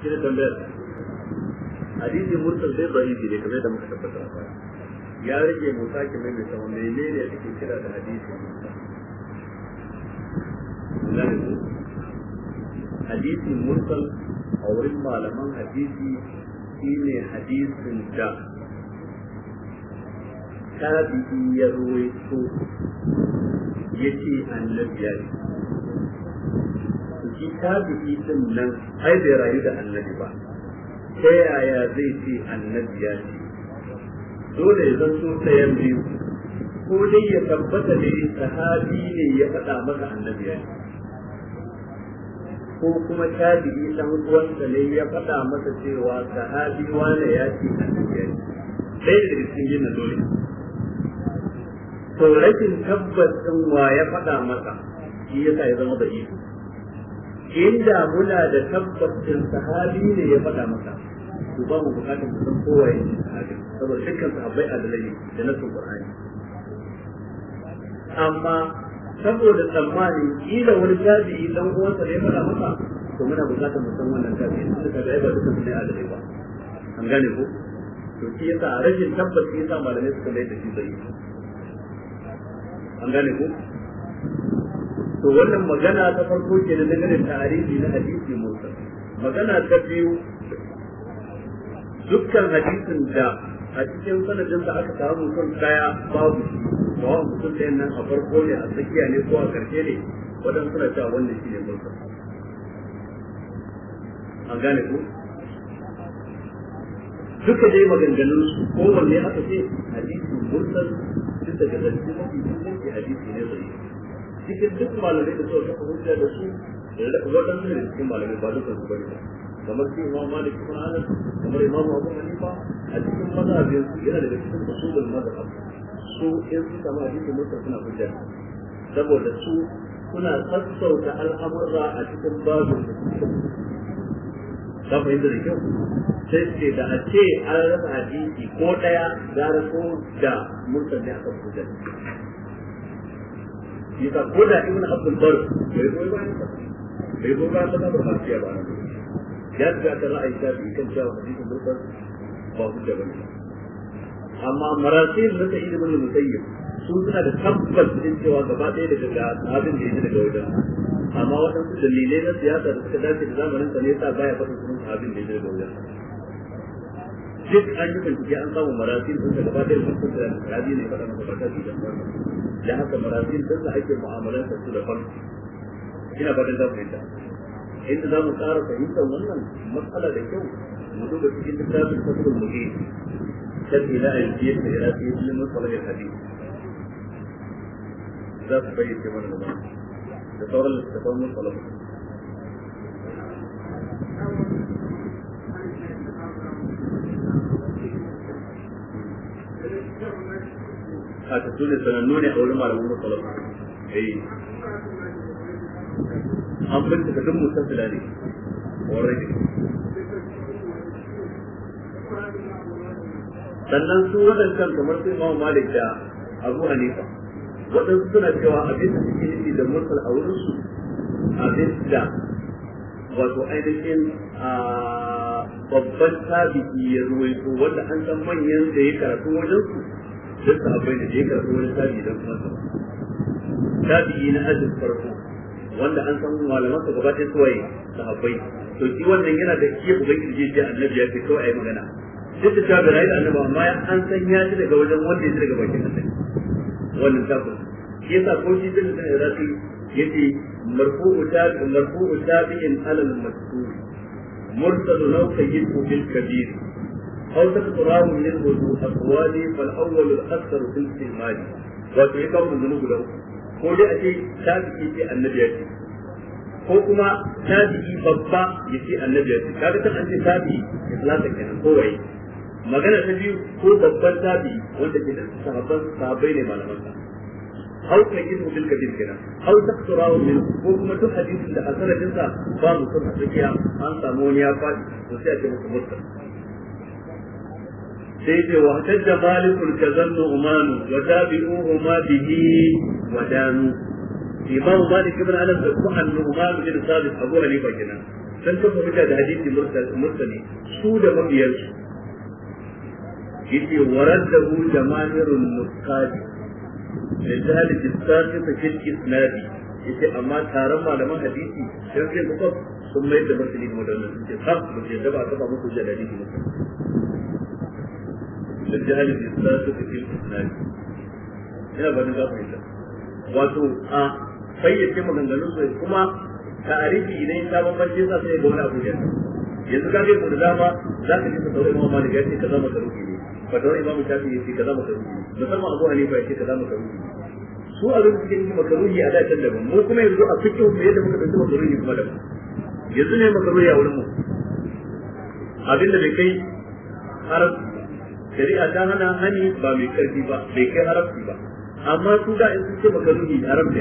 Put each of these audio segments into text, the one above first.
kina tambayar hadisi mursal dai ba ne kamar yadda muka tabbatar ba ya rage mu sake mai mai sama menene ake kira da hadisi hadisi mursal a wurin malaman hadisi shine hadisin da tabi'i ya ruwaito yace annabi ya ce shi bi din nan ai bai rayu da annabi ba ta yaya zai ce annabi ya ce dole ya zanto yan biyu ko dai ya tabbata ne sahabi ne ya faɗa maka annabi ya ce ko kuma tabi'i dan uwansa ne ya faɗa masa cewa sahabi wane ya ce annabi ya ce da daga cikin yin dole to rashin tabbas ɗin wa ya faɗa maka? shi yasa ya zama da iko inda muna da tabbacin sahabi ne ya faɗa maka to ba mu bukatar mu san kowa ya ne sahabi saboda dukkan sahabbai adalai da nasu qur'ani amma saboda tsammani kila wani tabi'i dan uwansa ne ya faɗa maka to muna bukatar mu san wannan tabi'i da kaga ba dukkan su ne adalai ba an gane ko to shi yasa rashin tabbas ya yasa malamai suka mai da shi bai an gane ko to wannan magana ta farko ke da dangane da tarihi na hadisi musa magana ta biyu dukkan hadisin da a cikin sanadin da aka samu kan daya babu shi ba mutum da nan a farko ne a tsakiya ne ko a karshe ne waɗansu suna cewa wannan shi ne musa an gane ku duka dai maganganun su kowanne aka ce hadisi Musa duk daga zance mafi inganci hadisi ne zai cikin duk malamai da suka kafa hujja da su waɗansu ne cikin malamai ba dukkan su bane kamar shi imam malik kuma anas kamar imam abu hanifa a cikin mazhabin su yana daga cikin usulul mazhab su in su kama hadisi mutum suna hujja saboda su suna sassauta al'amurra a cikin babin ka fahimta da kyau sai ce da a ce an rasa hadisi ko ɗaya gara rasu da mutum ne aka hujja yasa ko da ibn abdul bar ba nan ya ga ta ra'ayi ta kan amma suna da tabbas din cewa gaba ɗaya daga abin da yake daga wajen amma waɗansu dalilai na siyasa da suka dace da zamanin sa ne yasa baya faɗin sunan abin da yake daga wajen duk an yi bincike an samu marasi sun gaba ɗaya sun kunta da ne faɗa masa barka da da haka marazin don da ake mu'amalanta su da farko ina fatan za ku inda za mu ƙara fahimtar wannan matsala da kyau mu duba cikin littafin fasulun muke sharhi na ayyukiyar da ya fi ilimin kwallon hadisi za su bayyana mana da sauran littattafan mun kwallon a tafsirin sanannu ne a wurin malamin musulma eh an bincika duk mutasila ne ne. sannan su waɗancan kamar su imamu malik da abu hanifa waɗansu suna cewa abin da suke nufi da mursal a wurinsu abin da wato ainihin babban sabiki ya ruwaito wanda an san manyan da ya karatu wajensu duk sahabbai da je karɓi wani tabi don kuma sa tabi na ajin farko wanda an san malaman sa gaba ɗaya suwaye sahabbai to shi wannan yana da kiyar ubangiji je annabi ya ce kawai yi magana duk da tabi rayu annabi amma an san ya ci daga wajen wanda ya ci daga bakin annabi wannan tabbas shi yasa ko shi din da rafi yace marfu'u tabi marfu'u tabi'in alal mas'ul mursalu nawqayyid bil kabiru. أو تكثران منه الأقوال فالأول الأكثر في الاستعمال وتعيقه الذنوب له ko dai a ce tabi'i ce annabi ya ce ko kuma tabi'i babba ya ce annabi ya ce kaga kan an ce tabi'i islasa kenan ko magana ta biyu ko babban tabi'i wanda ke da sahabban sahabbai ne malaman sa hau ka kin bil kadir kenan hau taksurahu min ko kuma duk hadisin da asarin sa babu sunna tsakiya an samu wani ya faɗi to sai a ce masa mursal sai ce wa hatajja malikul kazan umanu wa tabi'uhu ma bihi wa danu imam malik ibn anas da ku an nu'man bin sabit abu ali hanifa kenan dan ta fahimta da hadisi mursali su da mabiyan su yace waraddahu jamaahirul muqadi lidali istati ta fil isnadi yace amma taron malaman hadisi sai sai ku sun mai da mursali madannan sai ka ba sai da ba ka ba muku da hadisi mursali da jihar islatu da fil isnadi ina ba ni za mu yi wato a fayyace maganganun sai kuma ta'arifi idan ta bambance sa sai ga wani abu ya yanzu ka ga da dama za ka ji ka taurin imam malik ya ce kaza maka ruhi ne ka taurin imam shafi ya ce kaza maka ruhi ne musamman abu hanifa ya ce ka maka ruhi ne su a lokacin cikin yi makaruhi a da can daban mu kuma yanzu a cikin mu yadda muka dauki makaruhi kuma daban yanzu ne makaruhi a wurin mu abinda bai kai har shari'a ta hana hani ba mai karfi ba bai kai arabci ba amma su da in sun ce makaruhi a ne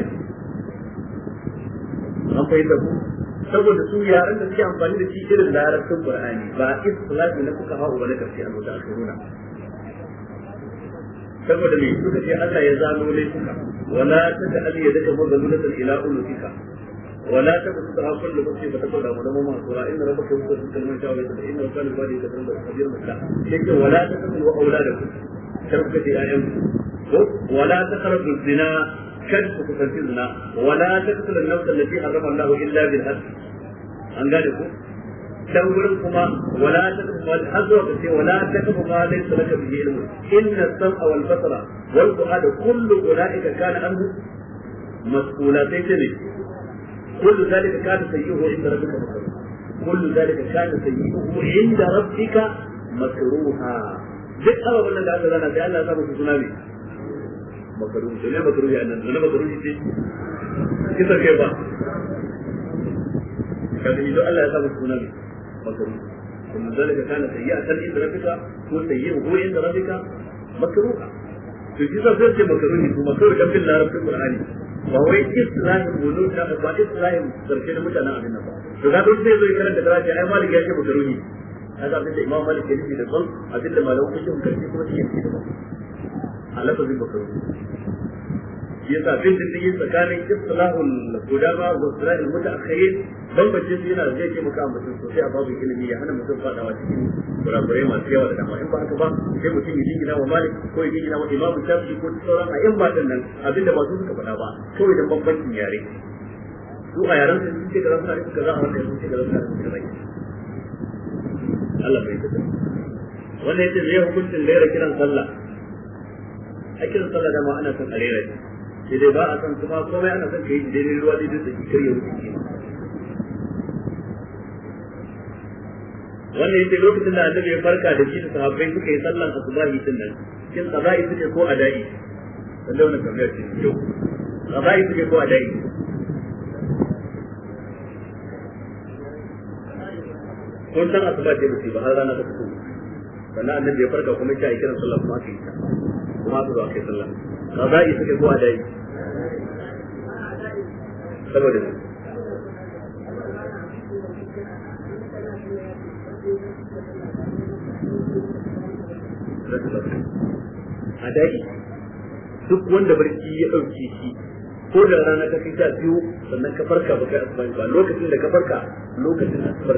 an fahimta ku saboda su yaran da suke amfani da shi irin larabcin qur'ani ba islahi na kuka hau wani karshe an wata ashiruna saboda me suka ce Allah ya zano laifuka wala ta ta'al yadaka ta ila ulufika ولا تبسطها كل بسط فتقول له ولما منصورا ان ربك يبسط في من شاء ويقدر انه كان الوالي كثيرا قدير مثلا لكن ولا تقتلوا اولادكم شبكه ايامكم ولا تقرب الزنا كد كفرتي الزنا ولا تقتل النفس التي حرم الله الا بالحق an gane ku ولا wurin kuma wala ولا wal hazra fi wala taqfu ma laysa laka bihi ilm inna as-sam'a wal basara wal كل ذلك كان سيئه عند ربك مكروها كل ذلك كان سيئه عند ربك مكروها duk ababen da aka zana sai Allah ya sa musu suna ne makaru to ne makaru nan ne makaru shi kisa kai ba kada idan Allah ya sa musu suna ne makaru kuma zalika kana sayyi'atan inda rabbika ko sayyi'u ko inda rabbika makruha to kisa sai ce makaru ne kuma kawai kan ba wai islamin wulu da ba islamin zarfe da mutanen abin nan ba to ga dole zai zo karanta daraja ai malik ya ce mu garuni kaga abin da imam malik ya ce da son abin da malamu kuma shi karfi kuma shi ya da ba a lafazin bakaruni yasa da yi tsakanin istilahul gudama wa istilahul mutaakhirin bambance su yana zai ke maka mutum sosai a babu ilimi ya hana mutum fadawa cikin kurakurai masu yawa da dama in ba haka ba sai mutum ya jingina wa malik ko ya jingina wa imam shafi ko sauran a yan matan nan abinda ba su suka faɗa ba kawai dan bambancin yare su a yaran sun ce kaza suna nufin kaza a wannan sun ce kaza suna nufin kaza Allah bai tafi wannan zai me hukuncin gaira kiran sallah a kiran sallah da ana son a rera sai ba a san kuma komai ana son ka yi daidai ruwa daidai da kikar karya wuce kenan wannan yake lokacin da annabi ya farka da shi da sahabbai suka yi sallan asubahi din nan shin qada'i suke ko ada'i sallan wannan tambayar ce yau qada'i suke ko ada'i kun san asuba ce bace ba har rana ta fito sannan annabi ya farka kuma ya kiran sallah kuma aka yi ta kuma aka zo aka sallah qada'i suke ko adai saboda da'i duk wanda barci ya dauke shi ko da rana ta fi ta biyu sannan ka farka ba kai asuba ba lokacin da ka farka lokacin da ka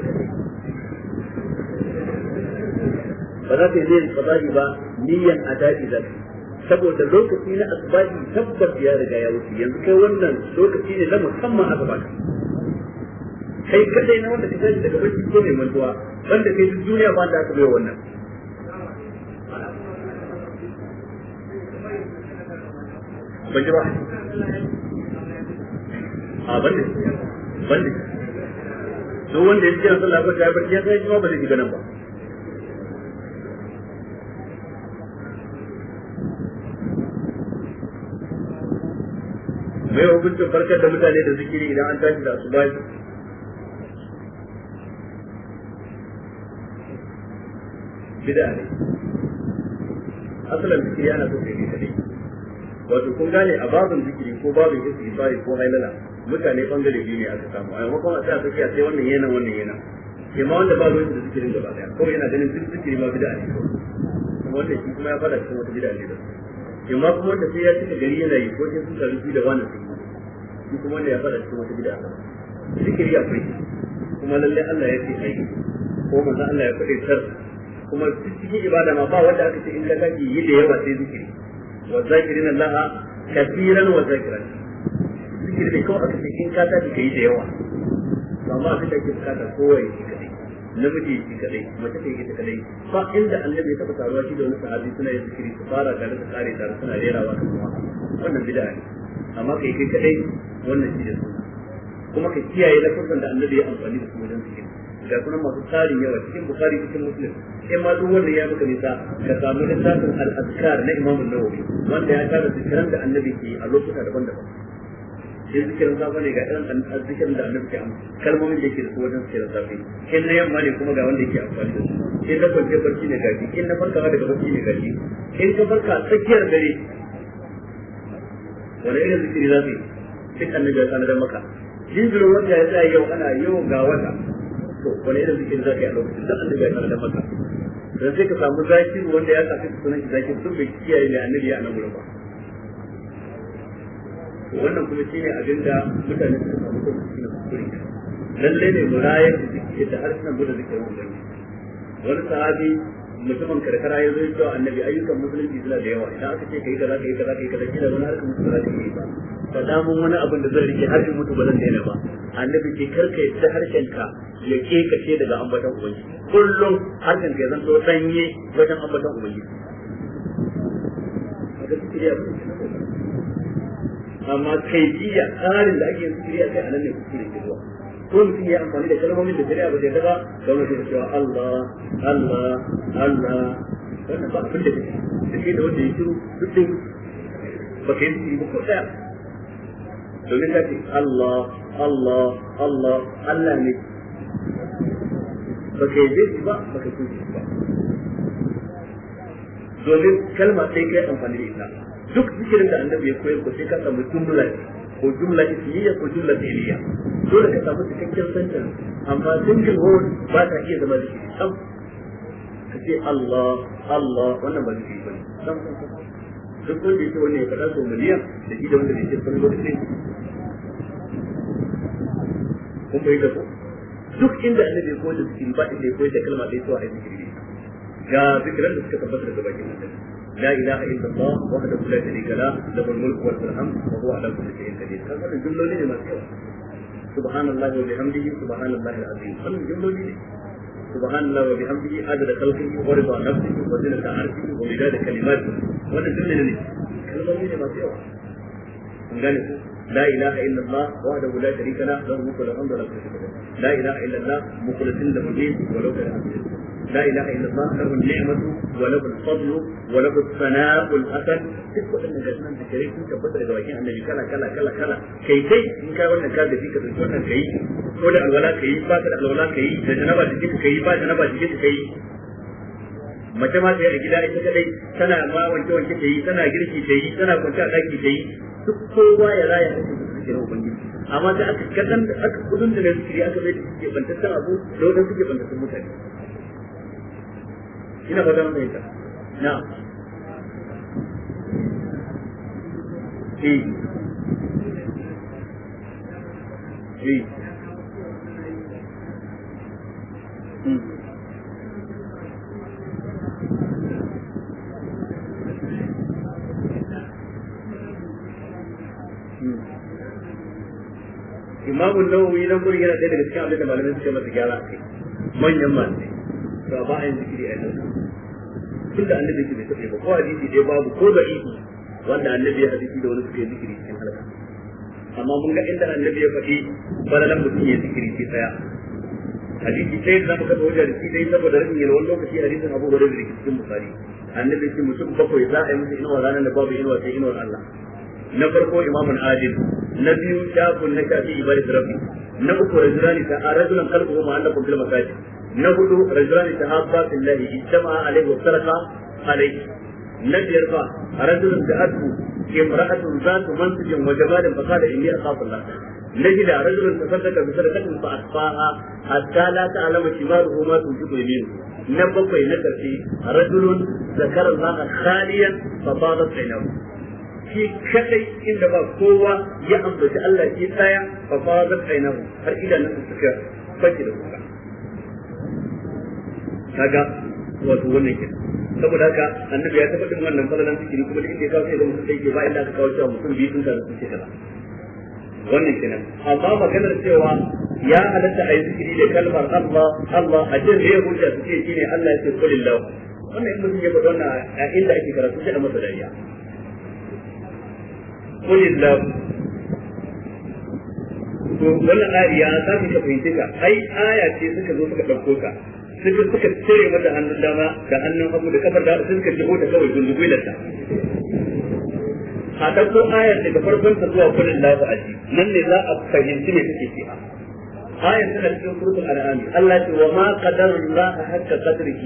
ne ba za ta yi zai ba niyan adadi za ta saboda lokaci na asbabi tabbas ya riga ya wuce yanzu kai wannan lokaci ne na musamman aka baka kai kadai na wanda kake daga barci ko mai mantuwa wanda kai duniya ba da aka bai wannan ban ba a bande bande duk wanda ya ce sallah ba ta barci ya kai ba zai ji nan ba mai hukuncin farkar da mutane da zikiri idan an tashi da su asuba bid'a ne asalin zikiri yana so kai ne wato kun gane a babin zikiri ko babin yake istighfari ko hailala mutane bangare biyu ne aka samu a maimakon a sa a sai wannan yana wannan yana ke ma wanda ba ruwan da zikirin gaba daya ko yana ganin duk zikiri ma bid'a ne kuma wanda shi kuma ya fada cikin wata bid'a ne da ke ma kuma wanda sai ya cika gari yana yi ko sai sun karu da wani sun shi kuma wanda ya fada cikin wata gida bid'a zikiri akwai kuma lalle Allah ya ce ai ko manzo Allah ya fade tar kuma cikin ibada ma ba wanda aka ce in ka kaji yi da yawa sai zikiri wa zakirin Allah kafiran wa zakiran zikiri da kawai aka ce in ka kaji kai da yawa amma abin da ake bukata kowa ya yi kadai namiji shi kadai mace ta yi kadai fa inda annabi ya taba taruwa shi da wani sahabi suna yin zikiri su fara tare da tsare tare suna rerawa kamar wannan bid'a ne amma kai kai kadai wannan shi ne kuma ka kiyaye lafazan da annabi ya amfani da su wajen cikin. ga kuma masu tsarin yawa cikin bukari cikin muslim sai ma duk wanda ya maka nisa ka samu littafin al-azkar na imam an-nawawi wanda ya tara zikiran da annabi ke a lokuta daban-daban shi zikirin safe ne ga irin zikirin da annabi ke amfani kalmomin da yake da su wajen zikirin safe Kin na yamma ne kuma ga wanda yake amfani da su Kin na kwanciyar barci ne gashi kin na farkawa daga barci ne gashi Kin ka farka tsakiyar dare wani irin zikiri za su yi duk annabi ya maka ya tsaya yau ana yau ga wata to wani irin zikiri za ka yi a lokacin duk annabi ya maka dan sai ka samu zaki wanda ya kafi sunan shi zaki sun bai kiyaye mai annabi ya nan ba wannan kuma abin da mutane suka ne murayar da wani sahabi mutumin karkara ya zo cewa annabi ayyukan musulunci suna da yawa idan aka ce kai kaza kai kaza kai kaza kila wani harkar musulunci ba zai yi ba faɗa mun wani abin da zan rike har mutu ba zan daina ba annabi ce karka yadda harshen ka ya ke ce daga ambaton ubangiji kullum harshen ka ya zanto sanye wajen ambaton ubangiji amma kai jiya tsarin da ake yin kiriya sai a nan ne kuskure ke zuwa kun fi ya amfani da kalmomin da shari'a ba ta yarda ba kamar da cewa Allah Allah Allah wannan ba abin da take da shi da wanda ya shiru duk din ba ka yi ba ko daya domin ta ce Allah Allah Allah Allah ne ba ka yi ba ba ka yi ba domin kalma sai kai amfani da ita duk zikirin da annabi ya koyar ko sai ka samu jumla ne ko jumla ismiya ko jumla fi'liya dole ka samu cikakken sentence amma single word ba ta iya zama da shi sam ka ce Allah Allah wannan ba zai bane sam duk wanda yake wani ya faɗa so miliyan da shi da wanda yake san lokacin kun bai da ku duk inda annabi bai koyi da zikiri ba inda ya koyi da kalma ɗaya zuwa a zikiri ga zikiran da suka tabbata daga bakin Allah لا اله الا الله وحده لا شريك له له الملك وله الحمد وهو على كل شيء قدير هذا الجمله ما سبحان الله وبحمده سبحان الله العظيم هذا الجمله سبحان الله وبحمده عدد خلقه ورضا نفسه وزنة عرشه ومداد كلماته وانا جملة لي كلمة لي ما سيوا لا إله إلا الله وحده لا شريك له له الملك والحمد لله لا إله إلا الله مخلصين له الدين ولو كان عبد الله la ilaha illallah lahu ni'matu wa lahu al-fadlu wa lahu as-sana'u al-hasan da sun tabbata daga bakin annabi kala kala kala kala kai kai in ka wannan ka gaji ka dauki wannan kai ko da alwala kai ba ka da alwala kai da janaba da kike kai ba janaba da kike yi. mace ma sai a gida ita kadai tana ma wanke wanke ta yi tana girki ta yi tana kwanta a daki ta yi duk kowa ya raya ta cikin ubangiji amma da aka kadan da aka kudin da na zikiri aka bai da suke bantattan abu da wadanda suke bantattan mutane ina fatan mai ta na eh eh hmm. hmm. imamun nawawi nan gurin yana ɗaya daga cikin abin da malamai suke masa gyara kai manyan malamai ba a yin zikiri a yanzu tunda da annabi yake bai taɓa ba ko hadisi dai babu ko da ibi wanda annabi ya hadisi da wani suka yi zikiri cikin halka amma mun ga inda annabi ya faɗi balalan mutum ya zikiri ke tsaya hadisi sai da muka kafa wajen hadisi dai saboda rashin wani lokaci hadisin abu hurairah da cikin bukhari annabi ke mutum bakwai za a yi musu inuwa ranar da babu inuwa sai inuwar Allah na farko imamun adil na biyu shafin na shafi ibadatu rabbi na uku rajulani ta a rajulan kalbu ma Allah kun kalma kaji na hudu rajulan tahabba billahi ijtama'a alaihi wa sarqa alaihi na biyar fa rajulun da ke atu za zatu mansujin wa jabalin fa qala inni akhafu Allah na shida rajulun tasaddaqa bi sadaqatin fa asfaha hatta la ta'lamu shimaluhu ma tunfiqu yaminuhu na bakwai na karshe rajulun zakara Allah khaliyan fa fadat aynahu shi kadai inda ba kowa ya ambaci Allah shi tsaya fa fadat aynahu har idan na suka fake da kuka kaga wato wannan kenan saboda haka annabi ya tabbatar wannan falalan cikin kuma duk inda ya kawo sai zama sai ke ba inda aka kawo cewa mutum biyu sun taru sun ce kaza wannan kenan amma maganar cewa ya halatta a yi zikiri da kalmar Allah Allah a ce zai hujja su ce shine Allah ya ce kulillah wannan in mutum ya faɗa wannan a inda ake karatu shi a masa dariya kulillah to wannan ayi ya sa ka fahimce ka ai aya ce suka zo suka dauko ka sai suka cire mata hannun dama da hannun hagu da kafar da sai suka shigo ta kawai da ta a ko ayar da farkon ta zuwa kudin lafi ji, nan ne za a fahimci me take cewa آية من الكتب الآن التي وما قدر الله حتى قدره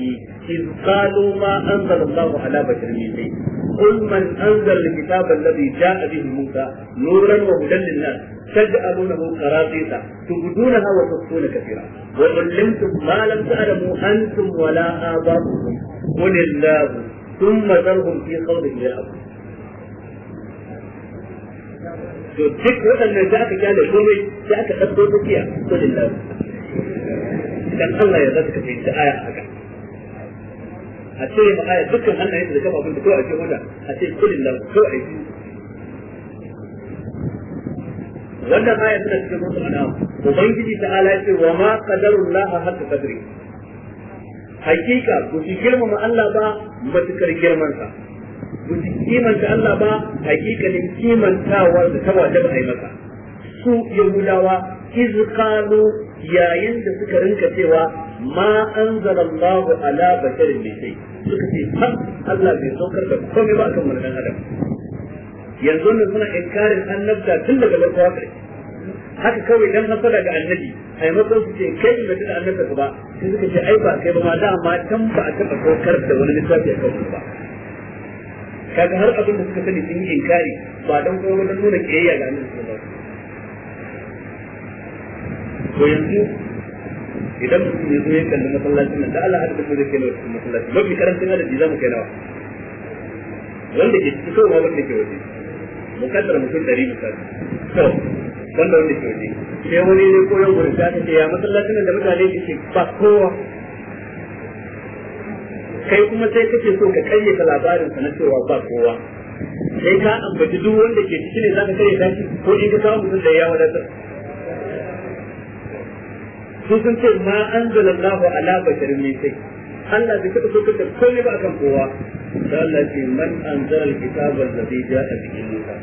إذ قالوا ما أنزل الله على بشر من قل من أنزل الكتاب الذي جاء به موسى نورا وهدى للناس تجعلونه قراطيسا تبدونها وتصفون كثيرا وعلمتم ما لم تعلموا أنتم ولا آباؤكم قل الله ثم ذرهم في قوله خوضهم يلعبون to duk waɗannan da aka kyale komai sai aka ɗauko tafiya ko da lafi dan Allah ya zaka fi ta aya haka a ce ma aya dukkan Allah ya da kafa abin da ko a ce wanda a ce kullin lafi ko a yi wannan aya tana cikin wasu ana ubangiji ta ala ce wa ma qadarullah haka qadri hakika ku girmama Allah ba matukar girman sa ba su kimanta Allah ba hakikalin kimantawa da ta wajaba a yi masa su yahudawa iz qalu yayin da suka rinka cewa ma anzala Allah ala basharin min suka ce ha Allah bai saukar da komai ba kan wannan adam yanzu ne suna inkarin annabta tun daga lokacin haka kawai dan hasada daga annabi ai mutum su ce kai ba da annabta ba sai suka ce ai ba kai ba ma da amma can ba a taba saukar da wani littafi a kan ba kaga har abin da suka sani sun yi inkari ba dan kuma dan nuna kiyayya ga annabi sallallahu alaihi wasallam to yanzu idan mutum ya zo ya kalli masallacin nan da Allah har da mu zai kalli cikin masallaci mafi karancin adadi za mu kai nawa wanda ke cikin kowa wanda ke waje mukaddara mutum dari misali to wanda wanda ke waje sai wani ne ko yan gurin ta ce ya masallacin nan da mutane ke ba kowa kai kuma sai kake so ka karyata labarin sa na cewa ba kowa sai ka ambaci duk wanda ke ciki ne zaka kare shi ko in ka samu mutum da ya wadatar su sun ce ma anzalallahu ala basharin min sai Allah bai taɓa soke da komai ba kan kowa da Allah ce man anzara alkitaba alladhi ja'a bihi Musa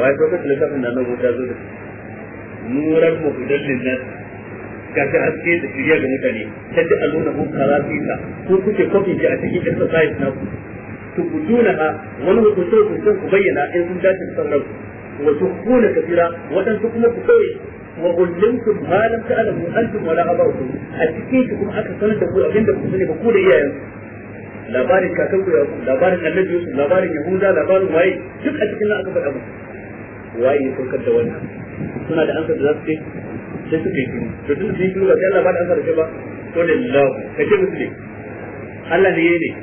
wai saukar da littafin da Allah ya zo da nuran mudallin nas gashi haske da shirya ga mutane ta ji a nuna mun kaza su ta ko kuke kwafin ki a cikin exercise na ku To ku tubutuna ha wani hukunce hukuncen ku bayyana in sun dace da sauran wasu tukhuna kafira waɗansu kuma ku kawai wa ullimtum ma lam ta'lamu antum wala abawkum a cikin ku kuma aka sanar da ku abinda ku sani ba ku da iyayen labarin kakan ku labarin annabi Yusuf labarin Yahuda labarin waye duk a cikin nan aka faɗa muku waye ya saukar da wannan suna da ansa da za su ce sai suka yi to tun sun shiru ba sai Allah ba da amsa da ba ko da lillahi ka ce musu ne Allah ne ne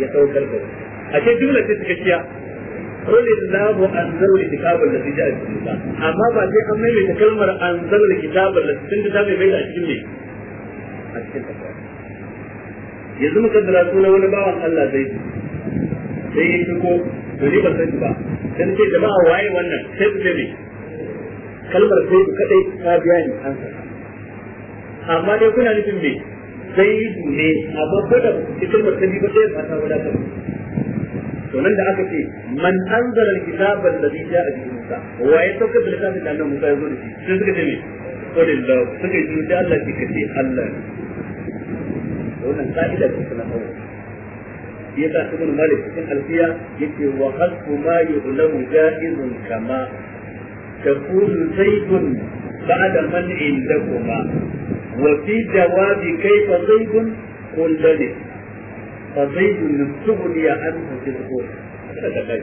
ya saukar da a ce jumla ce suka ciya قل الله انزل الكتاب الذي جاء به موسى اما بعد ان ميمي تكلمر انزل الكتاب الذي تنت ta mai da cikin ne a cikin tafsir yanzu muka dala sunan wani bawan Allah sai ya shigo to ni ba dan jama'a waye wannan sai kalmar sai ku kadai ta biya ni an amma dai kuna nufin me sai zaidu ne amma ko da ita ba ta biyu ba sai ba ta wadata to nan da aka ce man anzala alkitaba alladhi ja'a bihi Musa wa ya sauka da littafin da annabi Musa ya zo da shi sai suka ce me Allah suka ji da Allah ki kace Allah wannan ka'ida ce ta nahawu yasa ibn Malik cikin alfiya yake wa hasbu ma yu'lamu ja'izun kama تقول زيد بعد منع عندكما وفي جواب كيف زيد قل بلى فزيد تغني عنه في الغور هذا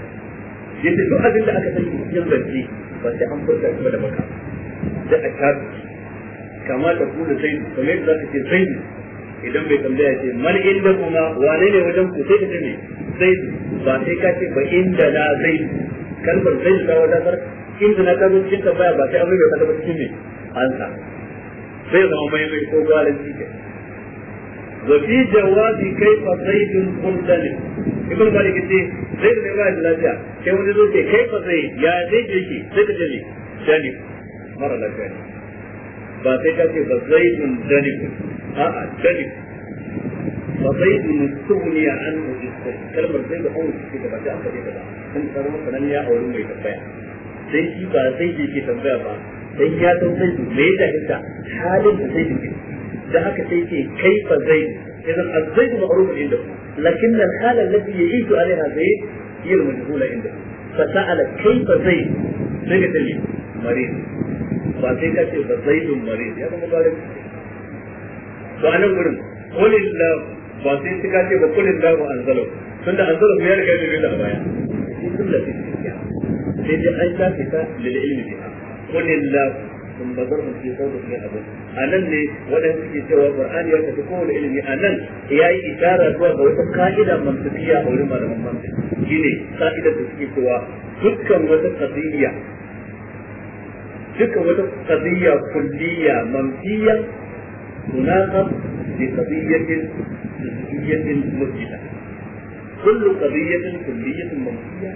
duk abin da aka san cikin zance ba sai an furta kuma da maka da a tabi kama da ku da idan bai tambaya ce mar inda kuma wane ne wajen ku sai ka ne zai ba sai ka ce ba inda na zai kalmar zaidu ta wadatar inda na kazo cikin tambaya ba sai an rubuta ta ba cikin ne ansa sai zama mai mai ko gwalin cikin wa fi jawabi kaifa zaidun qultani ibn malik ce zaid ne ba da lafiya kai wani zo ce fa zaid ya zaid yake sai ka jali jali mara lafiya ba sai ka ce ba zaidun jali a'a jali فزيد مستغني عنه بالسر sai shi ba sai da ke tambaya ba dan ya san zai da me da hinta halin da sai da da haka sai ke kaifa zai idan azzaid ma'ruf inda lakin al hal alladhi yaitu alaiha zai hiya al majhula inda fa sa'ala kaifa zai sai da dalil marid ba sai ka ce ba zaidun marid ya zama bare to anan gurin qulillah ba sai ka ce ba qulillah anzalahu tunda anzalahu ya riga da baya sai dai an shafe ta lil ilmi biha qul lillah ثم ضرب في صوت من أبو أنن لي ولا في سوى القرآن يتكون إلمي أنن هي إشارة سوى قوة قائدة منطقية أو لما لم منطق جيني قائدة تسكي سوى دكا وتقضية دكا وتقضية كلية منفية تناقض لقضية جزئية مجهلة كل قضية كلية منفية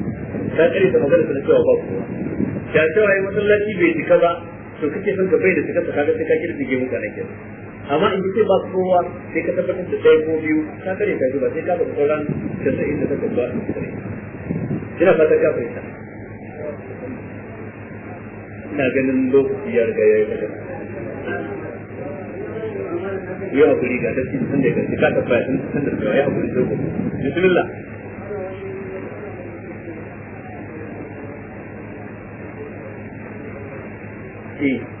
ta kare ta magana ta cewa ba kowa ya cewa ai masallaci bai cika ba to kake son ka bai da cika kaga sai ka kirdige mutane kenan amma in kike ba kowa sai ka tabbatar da dai ko biyu ka kare ka ba sai ka ba sauran da sai da ka ba ina fata ka fahimta ina ganin lokaci ya riga ya yi yau a kuri ga dafi sun da ya gaske ka tabbata sun da ya hakuri sai ko bismillah eat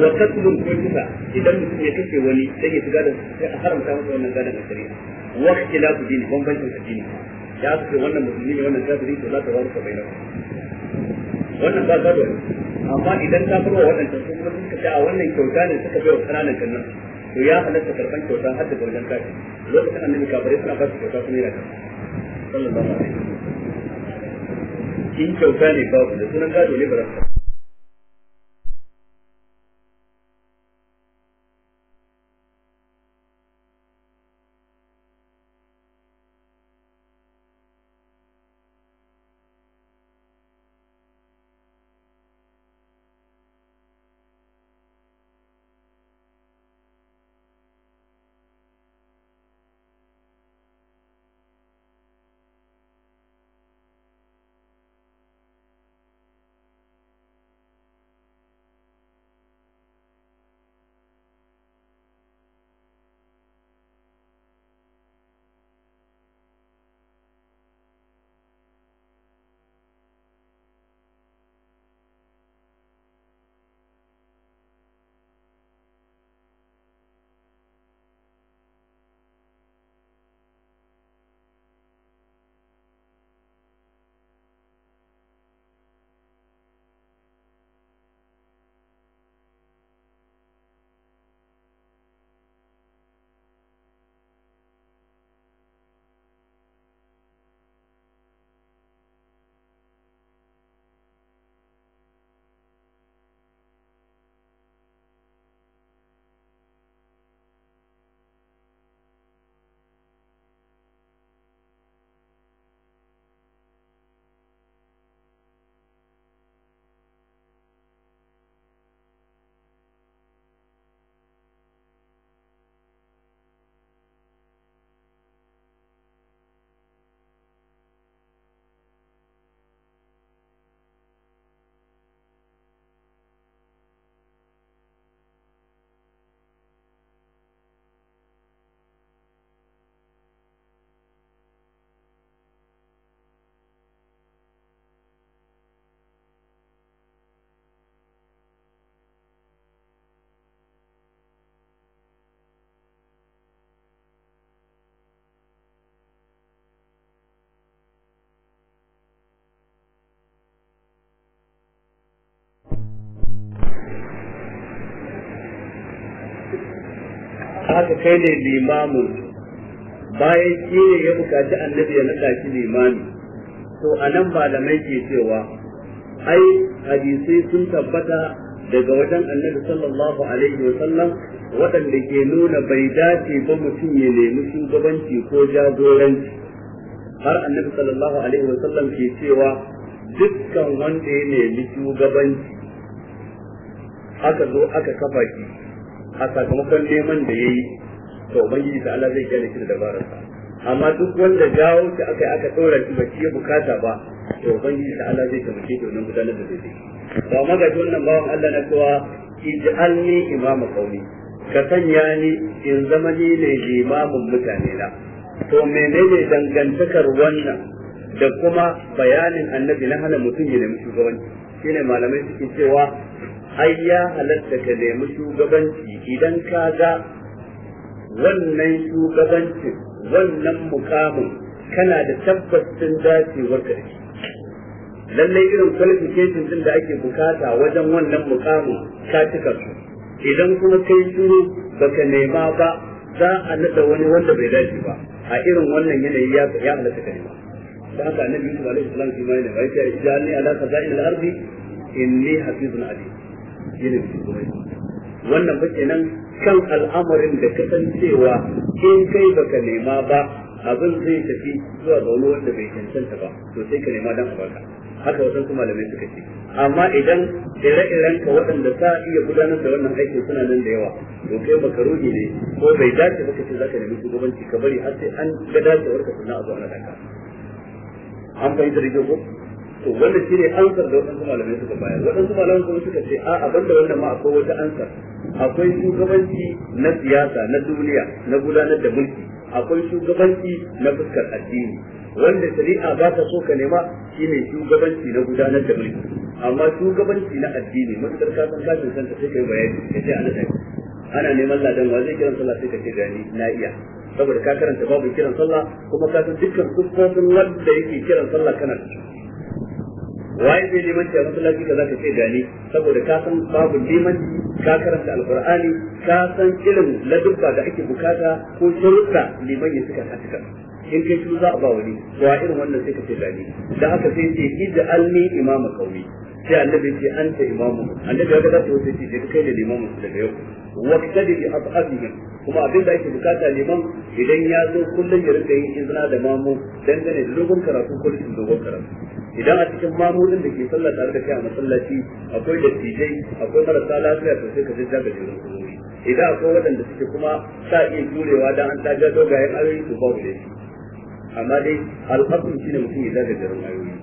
wa katlun kulluka idan mutum ya kace wani sai ya shiga da sai a haramta masa wannan gadan a shari'a wa ikhtilafu din bambancin addini ya ce wannan musulmi ne wannan kafiri to za ta warka bai nan wannan ba gado amma idan ka farwa waɗancan sun kuma suka ce a wannan kyauta ne suka bai wa ƙananan kan nan to ya halatta karɓan kyauta har daga wajen kafi lokacin annabi kafirai suna ba su kyauta kuma yana kan sallallahu alaihi wasallam in kyauta ne ba ku da sunan gado ne ba za su haka kai ne limamu bayan kiyaye ya bukaci annabi ya naɗa shi limami to a nan malamai ke cewa ai hadisai sun tabbata daga wajen annabi sallallahu alaihi wa sallam waɗanda ke nuna bai dace ba mutum ya nemi shugabanci ko jagoranci har annabi sallallahu alaihi wa sallam ke cewa dukkan wanda ya nemi shugabanci aka zo aka kafa shi a sakamakon neman da ya yi to ubangiji ta Allah zai kyale shi da dabararsa amma duk wanda jawo shi aka aka tsora shi bai ya bukata ba to ubangiji ta Allah zai taimake shi wannan gudanar da daidai to amma ga wannan bawan Allah na cewa ij'alni imama qaumi ka sanya ni in zama ni ne limamin mutane na to menene dangantakar wannan da kuma bayanin annabi na hana mutum ya nemi shugabanci shine malamai suke cewa ai ya halatta ka nemi shugabanci idan ka ga wannan shugabancin wannan mukamin kana da tabbacin dacewar ka shi lallai irin qualification din da ake bukata wajen wannan mukamin ka cika su idan kuma kai shiru baka nema ba za a nada wani wanda bai dace ba a irin wannan yanayi ya ya halatta ka nema da haka annabi sallallahu alaihi wasallam shi ma yana bai ta ijani ala khaza'il ardi inni hafizun alim wannan ba kenan kan al'amarin da kasancewa in kai baka nema ba abin zai tafi zuwa ga wani wanda bai cancanta ba to sai ka nema dan abaka haka wasan kuma malamai suka ce amma idan ire-iren ka waɗanda ta iya gudanar da wannan aikin suna nan da yawa to kai rudi ne ko bai dace ba ce zaka nemi shugabanci ka bari har sai an ga dacewar ka abu a zo daka an fahimta da ko to shi ne ansar da wasu malamai suka bayar waɗansu malamai kuma suka ce a abin da wannan ma akwai wata ansar akwai shugabanci na siyasa na duniya na gudanar da mulki akwai shugabanci na fuskar addini wanda shari'a ba ta so ka nema shi ne shugabanci na gudanar da mulki amma shugabanci na addini matukar ka san kafin san ta sai kai bayani ka ce Allah ana neman ladan wa zai kiran sallah sai ka ce gani na iya saboda ka karanta babu kiran sallah kuma ka san dukkan kuskokin wanda yake kiran sallah kana waye bai limanci a masallaci ka zaka ce gani saboda ka san babu neman ka karanta alqur'ani ka san ilimin ladubba da ake bukata ko sharuɗa liman ya suka hatta in kai su za a ba wani to a irin wannan sai ka ce gani da haka sai ce idda alni imama qaumi sai annabi ce anta imamu annabi ya ga ta wuce ce kai ne limamu daga yau waqtadi bi ashabihim kuma abin da ake bukata liman idan ya zo kullum ya rinka yin izna da mamu dangane da dogon karatu ko dogon karatu idan a cikin mamurin da ke sallah tare da kai a masallaci akwai dattijai akwai marasa lafiya to sai ka jajja ga jirin kuma idan akwai waɗanda suke kuma sa iya jurewa dan an tajar dogayen ayoyi to ba da shi amma dai alfasun shi ne mutum ya zaga jirin ayoyi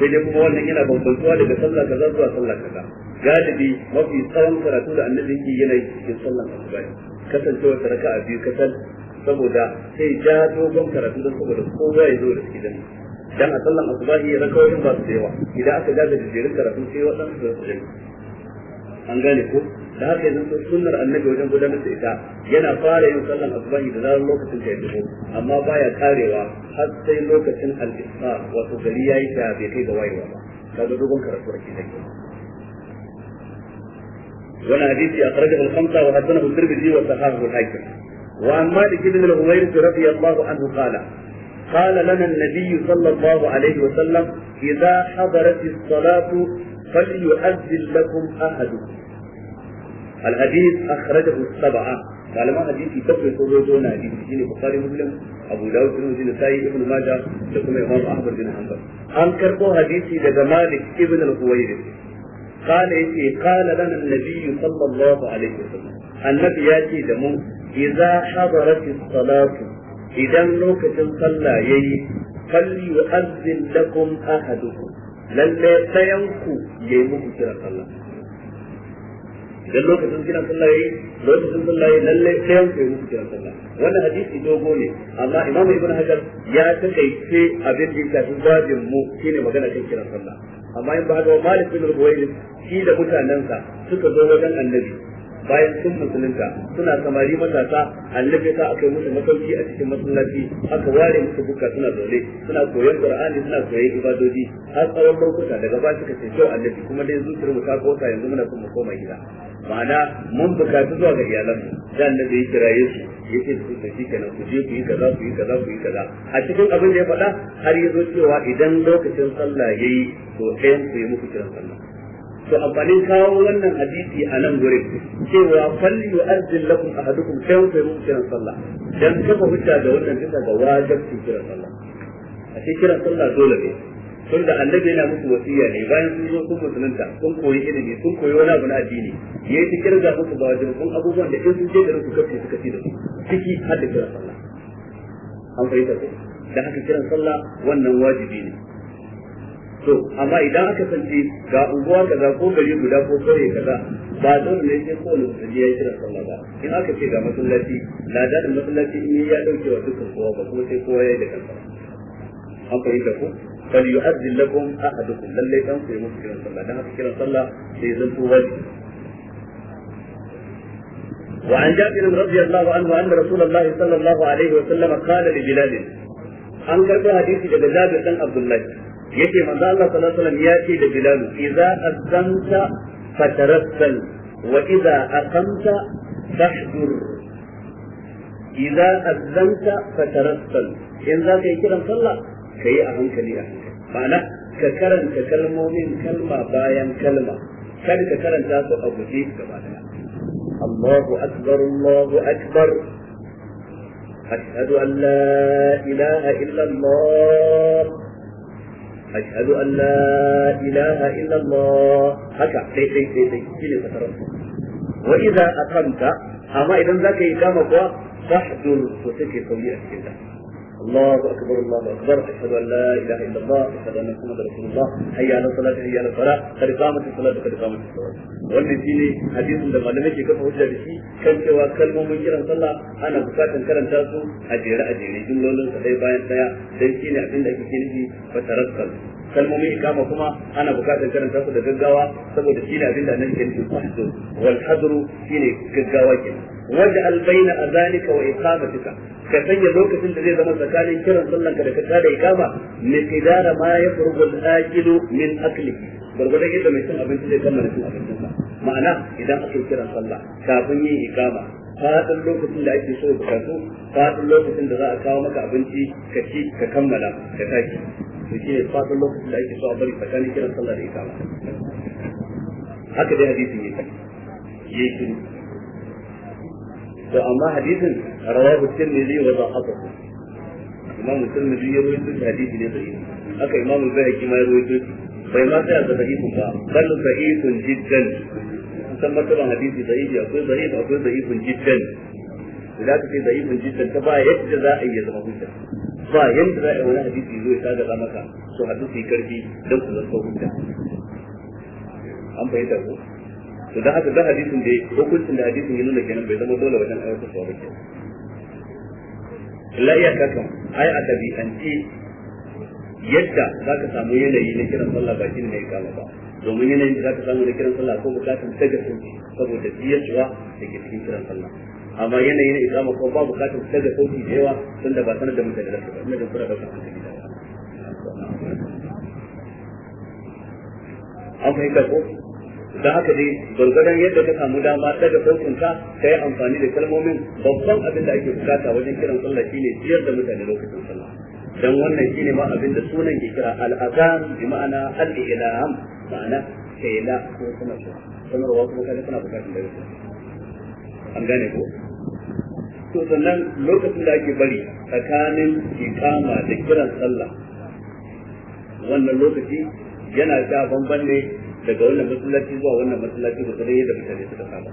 sai dai kuma wannan yana bambantuwa daga sallah kaza zuwa sallah kaza galibi mafi tsawon karatu da annabi yake yanayin cikin sallah kasancewa kasancewar a biyu kasal saboda sai ja dogon karatu don saboda kowa ya zo da cikin dan a sallan asubahi rakawoyin ba su da yawa idan aka da jirin karatu sai waɗansu da su an gane ko da haka yanzu sunar annabi wajen gudanar da ita yana fara yin sallan asubahi da zarar lokacin da ya dubo amma baya karewa har sai lokacin al-isra wato gari yayi ta bai kai ga wayewa ba kaga dogon karatu ake da وانا حديثي اخرجه الخمسه وحسنه الترمذي وصححه الحاكم وعن مالك بن الهويرث رضي الله عنه قال قال لنا النبي صلى الله عليه وسلم إذا حضرت الصلاة فليؤذن لكم أحدكم الحديث أخرجه السبعة قال ما حديثي تقوي قبوزونا في سجين بخاري مسلم أبو داود بن مجين ساي ابن ماجه لكم إمام أحمد بن حنبل أن كربو حديثي لدى مالك ابن الهويرث قال إيه قال لنا النبي صلى الله عليه وسلم النبي ياتي دمو إذا حضرت الصلاة idan lokacin sallah yayi falli yu'azzin lakum ahadukum lalle tayanku yayi muku kira sallah idan lokacin kiran sallah yayi lokacin sallah yayi lalle tayanku yayi muku kira sallah wannan hadisi dogo ne amma imamu ibn hajar ya takaice abin da yake zajin mu shine magana kan kiran sallah amma in ba haka malik bin ruwayl shi da mutanansa suka zo wajen annabi bayan sun musulunta suna samari matasa annabi ta aka musu masauki a cikin masallaci aka ware musu bukka suna zaune suna koyon qur'ani suna koyon ibadoji har tsawon lokuta daga ba suka ce annabi kuma dai zuciyar mu ta kosa yanzu muna son mu koma gida ma'ana mun bukatu zuwa ga iyalan da annabi ya kiraye su ya ce su tafi kenan ku je ku yi kaza ku yi kaza ku yi kaza a cikin abin da ya faɗa har ya zo cewa idan lokacin sallah yayi to ɗayan ku yi muku kiran sallah to amfanin kawo wannan hadisi a nan gurin cewa falli arzin lakum ahadukum hadukun ku yi kiran sallah dan kafa hujja da wannan bisa ga wajibi kiran sallah a cikin kiran sallah dole ne tun da annabi yana musu wasiya ne bayan sun zo sun musulunta sun koyi ilimi sun koyi wani abu na addini ya yi cikin da musu ba wajen kun abubuwan da in sun je garin su kafin suka ci da su ciki har da kiran sallah an fahimta ko da haka kiran sallah wannan wajibi ne to amma idan aka sanci ga unguwa kaza ko gari guda ko kore kaza ba dole ne sai ko ne musulmi ya kira sallah ba in aka ce ga masallaci ladan masallaci in ya dauke wa dukkan kowa ba kuma sai kowa ya yi da kansa an fahimta ko fal yu'azzin lakum ahadukum lalle dan ku yi musu kiran sallah dan haka kiran sallah sai zan to wajibi وعن جابر رضي الله عنه ان رسول الله صلى الله عليه وسلم قال لبلال أنكر حديث جابر بن عبد الله yake manzo Allah sallallahu alaihi wasallam ya ce da Bilal idza asanta fatarassal wa idza aqamta fahdur idza asanta fatarassal in za ka yi kiran sallah ka yi a hankali a hankali ma'ana ka karanta kalmomin kalma bayan kalma kada ka karanta su a guje gaba daya Allahu akbar Allahu akbar أشهد أن لا إله إلا الله ashhadu an la ilaha illa Allah haka dai dai dai dai shine fatarar wa idza aqamta amma idan zaka yi kama kuwa fahdur to take sauri a cikin الله اكبر الله اكبر اشهد ان لا اله الا الله اشهد ان محمدا رسول الله حي على الصلاه حي على قد قامت الصلاه قد قامت الصلاه wannan hadisin da malamai ke kafa hujja da shi kan cewa kalmomin kiran sallah ana bukatar karanta su a jere a jere jumlolin sa dai bayan daya dan shine abin da ake nufi fa tarakkal kalmomin ikama kuma ana bukatar karanta su da gaggawa saboda shi ne abinda nan yake nufi wal hadru shine gaggawa ke wanda albaina azalika wa iqamatika ka sanya lokacin da zai zama tsakanin kiran sallan ka da ka tada ikama ne kidara ma furgo al-aqilu min akli gargadan yadda mai cin abinci zai kammala cin abincin sa ma'ana idan aka kiran sallah kafin yin ikama fadin lokacin da ake so bukatu fadin lokacin da za a kawo maka abinci ka ci ka kammala ka tashi to shi ne lokacin da ake so a bari tsakanin kiran sallah da ita haka dai hadisin yake yake to amma hadisin rawahu tirmidhi wa dhahabahu imam tirmidhi ya rawaito hadisi ne dai haka imam bayhaqi ma ya rawaito bai ma sai da dhaifin ba bal dhaifun jiddan san matsalan hadisi dhaifi akwai dhaif akwai dhaifun jiddan idan ka ce dhaifun jiddan ta ba yadda za a yi zama hujja ba yadda za a yi wani hadisi zo ya tagaza maka su haɗu su yi karfi don su zarta hujja an fahimta ko to da haka da hadisin da hukuncin da hadisin ya nuna kenan bai zama dole wajen aiwatar su ba ke la iya kakan ai a ce yadda za ka samu yanayi na kiran sallah ba shi ne kama ba domin yanayin da za ka samu na kiran sallah ko bukatun ta gaske saboda biyarwa da ke cikin kiran sallah amma yanayi na islama ko ba bukatar fitar da sauki da yawa tun da ba sanar da mutane da ba ina da kura daukar hankali da an fahimta ko da haka dai gwargwadon yadda ka samu dama da saukin ka ka yi amfani da kalmomin babban abin da ake bukata wajen kiran sallah shine ciyar da mutane lokacin sallah dan wannan shine ma abin da sunan ke kira al-azam bi ma'ana al-ilham ma'ana kaila ko sanarwa sanarwa kuma kaga tana bukatar da an gane ko to sannan lokacin da ake bari tsakanin ikama da kiran sallah wannan lokaci yana sha bamban ne daga wannan masallaci zuwa wannan masallaci ba sai yadda mutane suka saba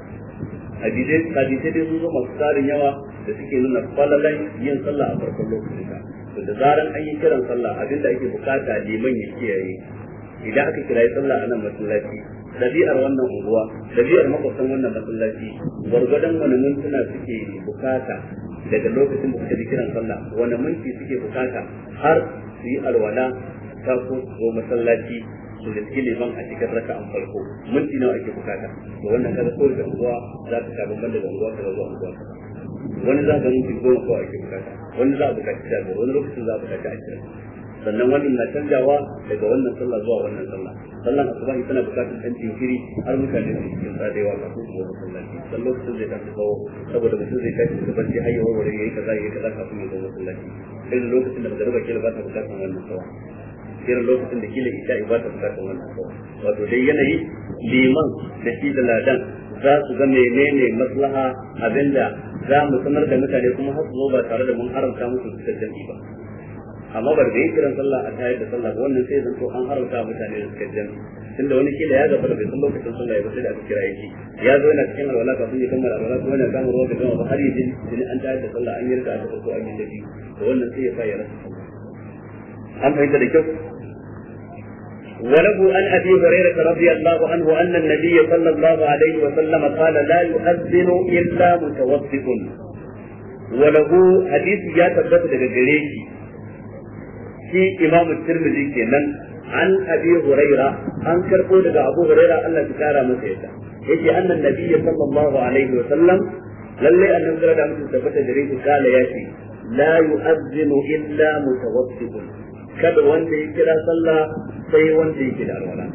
hadisi hadisi dai sun zo masu tsarin yawa da suke nuna falalan yin sallah a farkon lokacin to da zaran an yi kiran sallah abinda ake bukata ne ya kiyaye idan aka kira sallah a nan masallaci dabi'ar wannan unguwa dabi'ar makwabtan wannan masallaci gwargwadon wani mintuna suke bukata daga lokacin da suka ji kiran sallah wani minti suke bukata har su yi alwala ta ko zo masallaci su riski liman a cikin an farko minti nawa ake bukata to wannan kaga ko da unguwa za ta sha bamban da unguwa kaza zuwa unguwa wani za ka minti goma ko ake bukata wani za a bukaci sha wani lokacin za a bukaci ashirin sannan wannan na canjawa daga wannan sallah zuwa wannan sallah sallan asuba tana bukatar ɗan jinkiri har mutane su cikin sadewa kafin su zo masallaci dan lokacin zai tafi tsawo saboda mutum zai tafi da barci har ya warware yayi kaza yayi kaza kafin ya zo masallaci irin lokacin da magariba kila ba ta bukatar wannan tsawo, irin lokacin da kila isha ba ta bukatar wannan tsawa wato dai yanayi liman da shi da ladan za su ga menene maslaha abinda za mu sanar da mutane kuma har su zo ba tare da mun haramta musu su ba amma ba da yin kiran sallah a tayar da sallah wannan sai zan so an haramta mutane da suka jami tunda wani kila ya gaba da bai san lokacin sallah ba sai da aka kira yake ya zo yana cikin alwala kafin ya kammala alwala kuma yana samun ruwa ga jama'a ba har yi jin jini an tayar da sallah an yi rika da farko an yi da biyu to wannan sai ya sa rasa sallah an fahimta da kyau وله عن ابي هريره رضي الله عنه ان النبي صلى الله عليه وسلم قال لا يؤذن الا متوسط وله حديث يا تبت daga shi imam tirmidhi kenan an abi huraira an karbo daga abu huraira Allah ya kara masa yadda yake annan nabiyyi sallallahu alaihi wa sallam lalle annabi kira da mutum tabbata da rinki kala ya ce la yu'azzinu illa mutawaffidun kada wanda ya kira sallah sai wanda ya kira alwala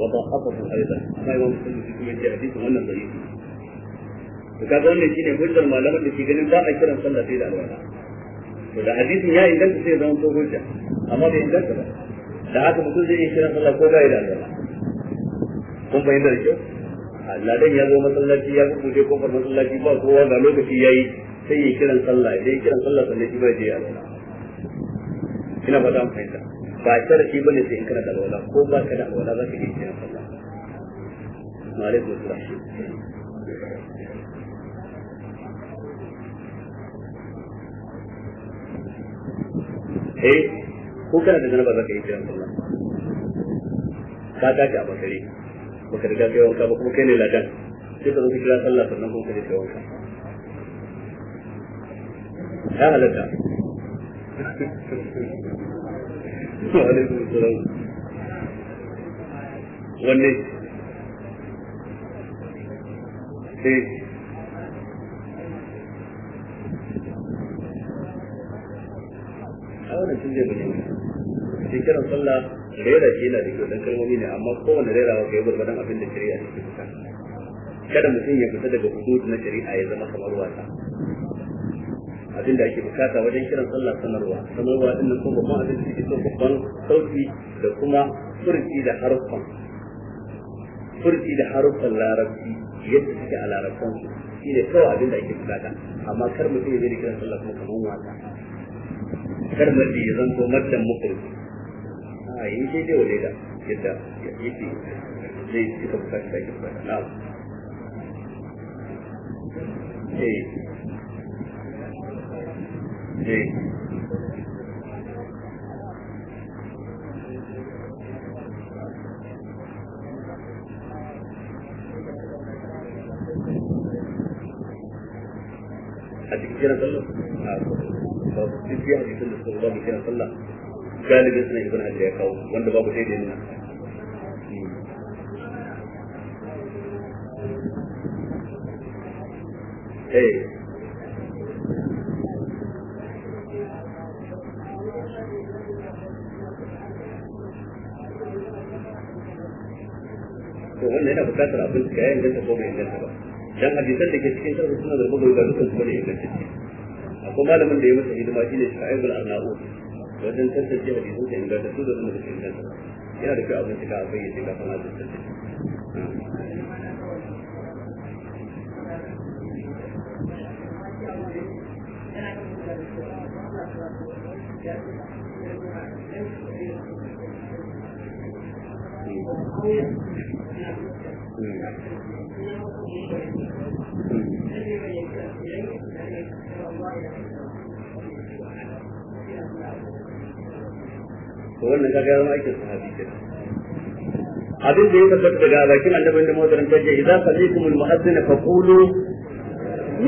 وضعفه ايضا اما يوم مسلم في كل جهه حديث wannan dalili to kaga wannan shine hujjar malaman da ke ganin za a kiran sallah sai da alwala to da hadisin ya inganta sai zama ko hujja amma bai inganta ba da haka mutum zai yi kiran sallah ko bai da alwala kun bai da kyau dan ya zo masallaci ya kuɗe kofar masallaci ba kowa ga lokaci yayi sai yi kiran sallah idan kiran sallah sannan shi bai je ya alwala ina ba da amfani fahimta ba sharafi ba ne sai in kana da wala ko ba ka da wala za ka yi kiran sallah ma'alaikum assalam eh ko kana da zanaba za ka yi kiran sallah ka tashi a bakare baka riga kai wanka ba kuma kai ne ladan sai ka zo kira sallah sannan kuma ka je wanka ya halatta a wannan sun zai bane shi kiran sallah rera shi yana da kyau dan kalmomi ne amma kowane rera wa kai gurbadan abin da shari'a ta fita kada mutum ya fita daga hudud na shari'a ya zama kamar wasa abin da ake bukata wajen kiran sallah sanarwa sanarwa din nan kuma babban abin da ke so babban sauti da kuma furci da haruffan furci da haruffan larabci yadda suke a larabcan shi ne kawai abin da ake bukata amma kar mutum ya zai kiran sallah kuma kamar wasa kar mace ya zanto macen mutum a yi ke dai waje da yadda ya yake zai ci ka bukaci da ke bada na eh eh a cikin sallar kawo duk ya hadisin da suka babu sallah galibin ibn ya kawo wanda babu eh. to wannan yana bukatar abin da ya inganta ko bai inganta ba dan hadisan da ke cikin suna da bugu da dukkan su bane inganta akwai malamin da ya masa hidima shine al Arnaud wajen tantance hadisin da inganta su da wanda suke inganta yana da kyau abin shiga a bayyana ga da tantance Thank hmm. you. Hmm. Hmm. to wannan kaga yawan aikin sahabi kenan abin da ya tabbata daga bakin annabin da mawdarin tajiya idan sami'tum al-mu'adhdhin ka kulu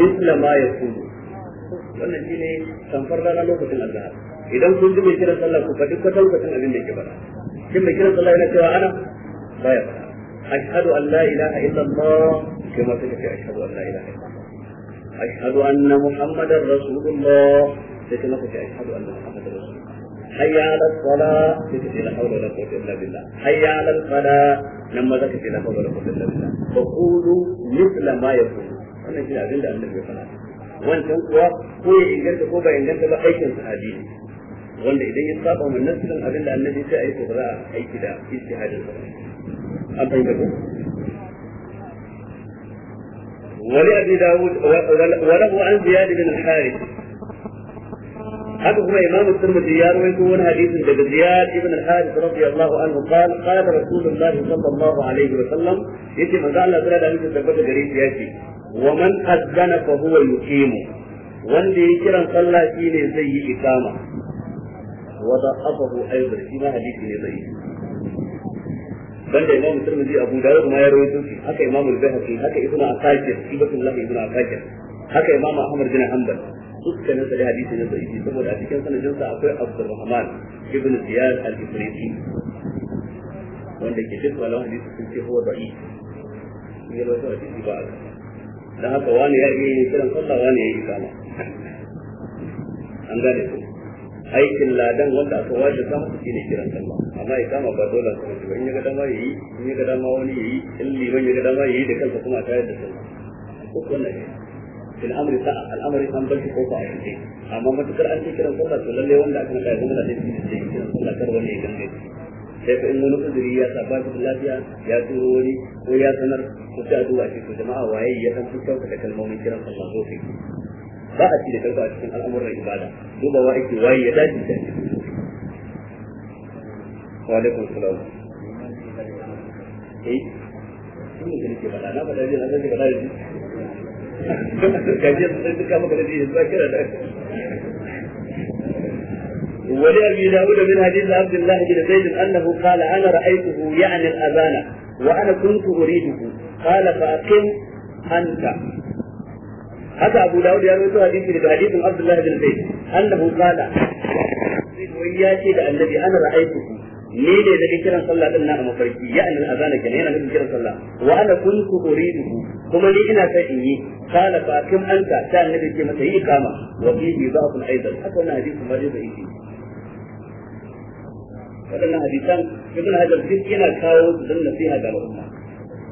misla ma ya kulu wannan shine tamfar rana lokacin allah idan kun ji mai kiran sallah ku faɗi kwatan kwatan abin da yake faɗa shin mai kiran sallah yana cewa ana baya faɗa ashhadu an la ilaha illallah kuma ce ashhadu an la ilaha illallah أشهد أن محمدا رسول الله لكنك أشهد أن محمدا رسول الله حي على الصلاة لكن لا حول ولا قوة إلا بالله حي على الصلاة لما ذكرت لا حول ولا قوة إلا بالله فقولوا مثل ما يقول أنا كده أبين لأن النبي صلى wancan kuwa ko ya inganta ko ba inganta ba aikin sahabi ne wanda idan ya saba mun nasirin abin da annabi sai aiko ba za a aiki da ijtihadin sa an fahimta ko ولأبي داود وله عن زياد بن الحارث هذا هو إمام الترمذي يروي دون حديث عن زياد بن الحارث رضي الله عنه قال قال رسول الله صلى الله عليه وسلم يتي من قال الله تعالى أنت تبقى جريد يأتي ومن أذن فهو يقيم wanda ya صلى sallah shine zai yi ikama wa da afahu ayyuka banda imamu tirmidhi abu dawud ma ya rawaito shi haka imamu al-bayhaqi haka ibnu asakir ibnu ibnu asakir haka imamu ahmad bin hanbal dukkanin sa da hadisi na sahihi saboda cikin sanadin sa akwai abdurrahman ibnu ziyad al-ifriti wanda ke duk malaman hadisi sun ce huwa da'i ya ba haka wani ya yi kiran sallah aikin ladan wanda aka waje sama masa shine kiran sallah amma ya kama ba dole sa ba in ya ga dama yayi in ya ga dama wani yayi in liman ya ga dama yayi da kansa kuma tayar da sallah kuma ne in amri sa al'amari an bar shi ko ba a ce amma matukar an kira kiran sallah to lalle wanda aka kai wanda da shi ne kiran sallah kar wani ya sai ko in wani uzuri ya sa ba shi lafiya ya turo wani ko ya sanar ko ta duwa shi ko jama'a waye ya san kun da kalmomin kiran sallah ko kai ba a ci da kai ba a cikin al'amuran ibada dubawa ake waye ya dace da shi wa alaikum salam eh shi ne kake bada na bada zai zai bada shi kaje sai duka maka da zai zuwa kira da ولي أبي داود من حديث عبد الله بن زيد أنه قال أنا رأيته يعني الأذان وأنا كنت أريده قال فأقم أنت haka abu dawud ya rawaito hadisi daga hadisin abdullah bin zaid annahu qala wai ya ce da annabi ana ra'aytu ni ne da kiran sallah din na mafarki ya annal azana kenan yana nufin kiran sallah wa ana kuntu uridu kuma ni ina son in yi qala fa kim anta ta annabi ce masa yi iqama wa fihi ba'dun aidan haka wannan hadisi ma zai yake wadannan hadisan ibn hajar duk yana kawo su dan nasiha ga al'umma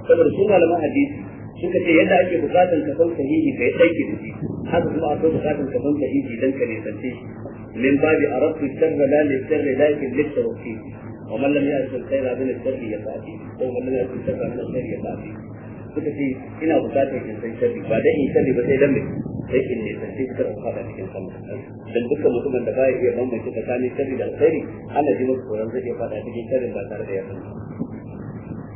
saboda su malaman hadisi suka ce yadda ake bukatan ka san sahihi kai aiki da shi haka kuma akwai bukatan ka san sahihi dan ka nisance shi min babi arabtu sharra la li sharri lakin li tawfi wa man lam ya'rif al-khayra min al ya yaqati ko man lam ya'rif al-sharra min al-sharri yaqati suka ce ina bukatan ka san sharri ba dai in sharri ba sai dan me sai in nisance shi suka rufa da cikin sama dan dukkan mutumin da baya iya bambance tsakanin sharri da alkhairi ana ji masa koran zai iya fada cikin sharri ba tare da ya sani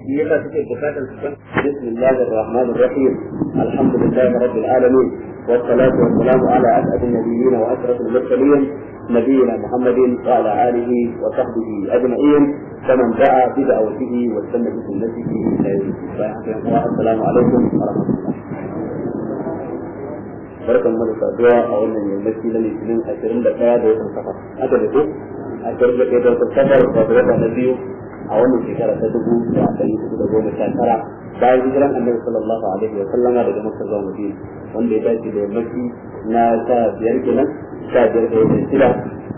بسم الله الرحمن الرحيم الحمد لله رب العالمين والصلاة والسلام على أسعد النبيين وأشرف المرسلين نبينا محمد وعلى آله وصحبه أجمعين فمن دعا بدعوته واستنى بسنته إلى يوم القيامة السلام عليكم ورحمة الله barkan mu da saduwa a wannan yammaci na litinin ashirin da ɗaya da watan safar aka da ko a ƙarfi da ɗaya da watan safar wata wata na biyu a wannan shekara ta dubu da ɗari hudu da goma sha tara bayan hijiran annabi sallallahu alaihi wa sallama daga makka zuwa madina wanda ya dace da yammaci na sha biyar kenan sha biyar da yammaci shida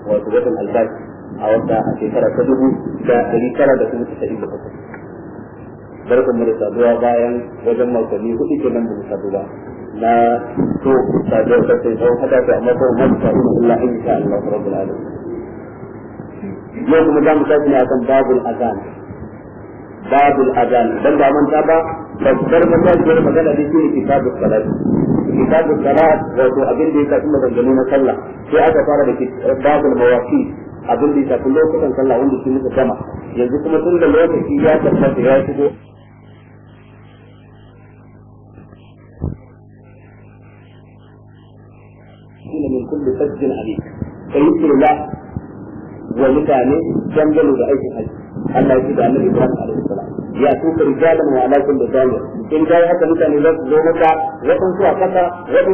wato watan albas a wata a shekara ta dubu da ɗari tara da kuma tasa'in da takwas barkanmu da saduwa bayan wajen makonni hudu kenan da mu sadu ba na so saduwa ta sai sau hada ta amma ko manta in Allah in sha Allah rabbul alamin yau kuma za mu tashi ne akan babul azan babul azan dan ba manta ba babbar matashiyar magana ne shi ne kitabu salat kitabu salat wato abin da ya tafi maganganu na sallah sai aka fara da babul mawaqi abin da ya tafi lokutan sallah wanda shi muka gama yanzu kuma tun da lokaci ya tabbata ya shigo من كل فج عليك فيذكر الله wa mutane gano da aikin haji Allah ya ce da annabi Ibrahim alaihi salam ya tuka rijalan wa alaikum da dalil in dai haka mutane za su zo maka wadansu a kasa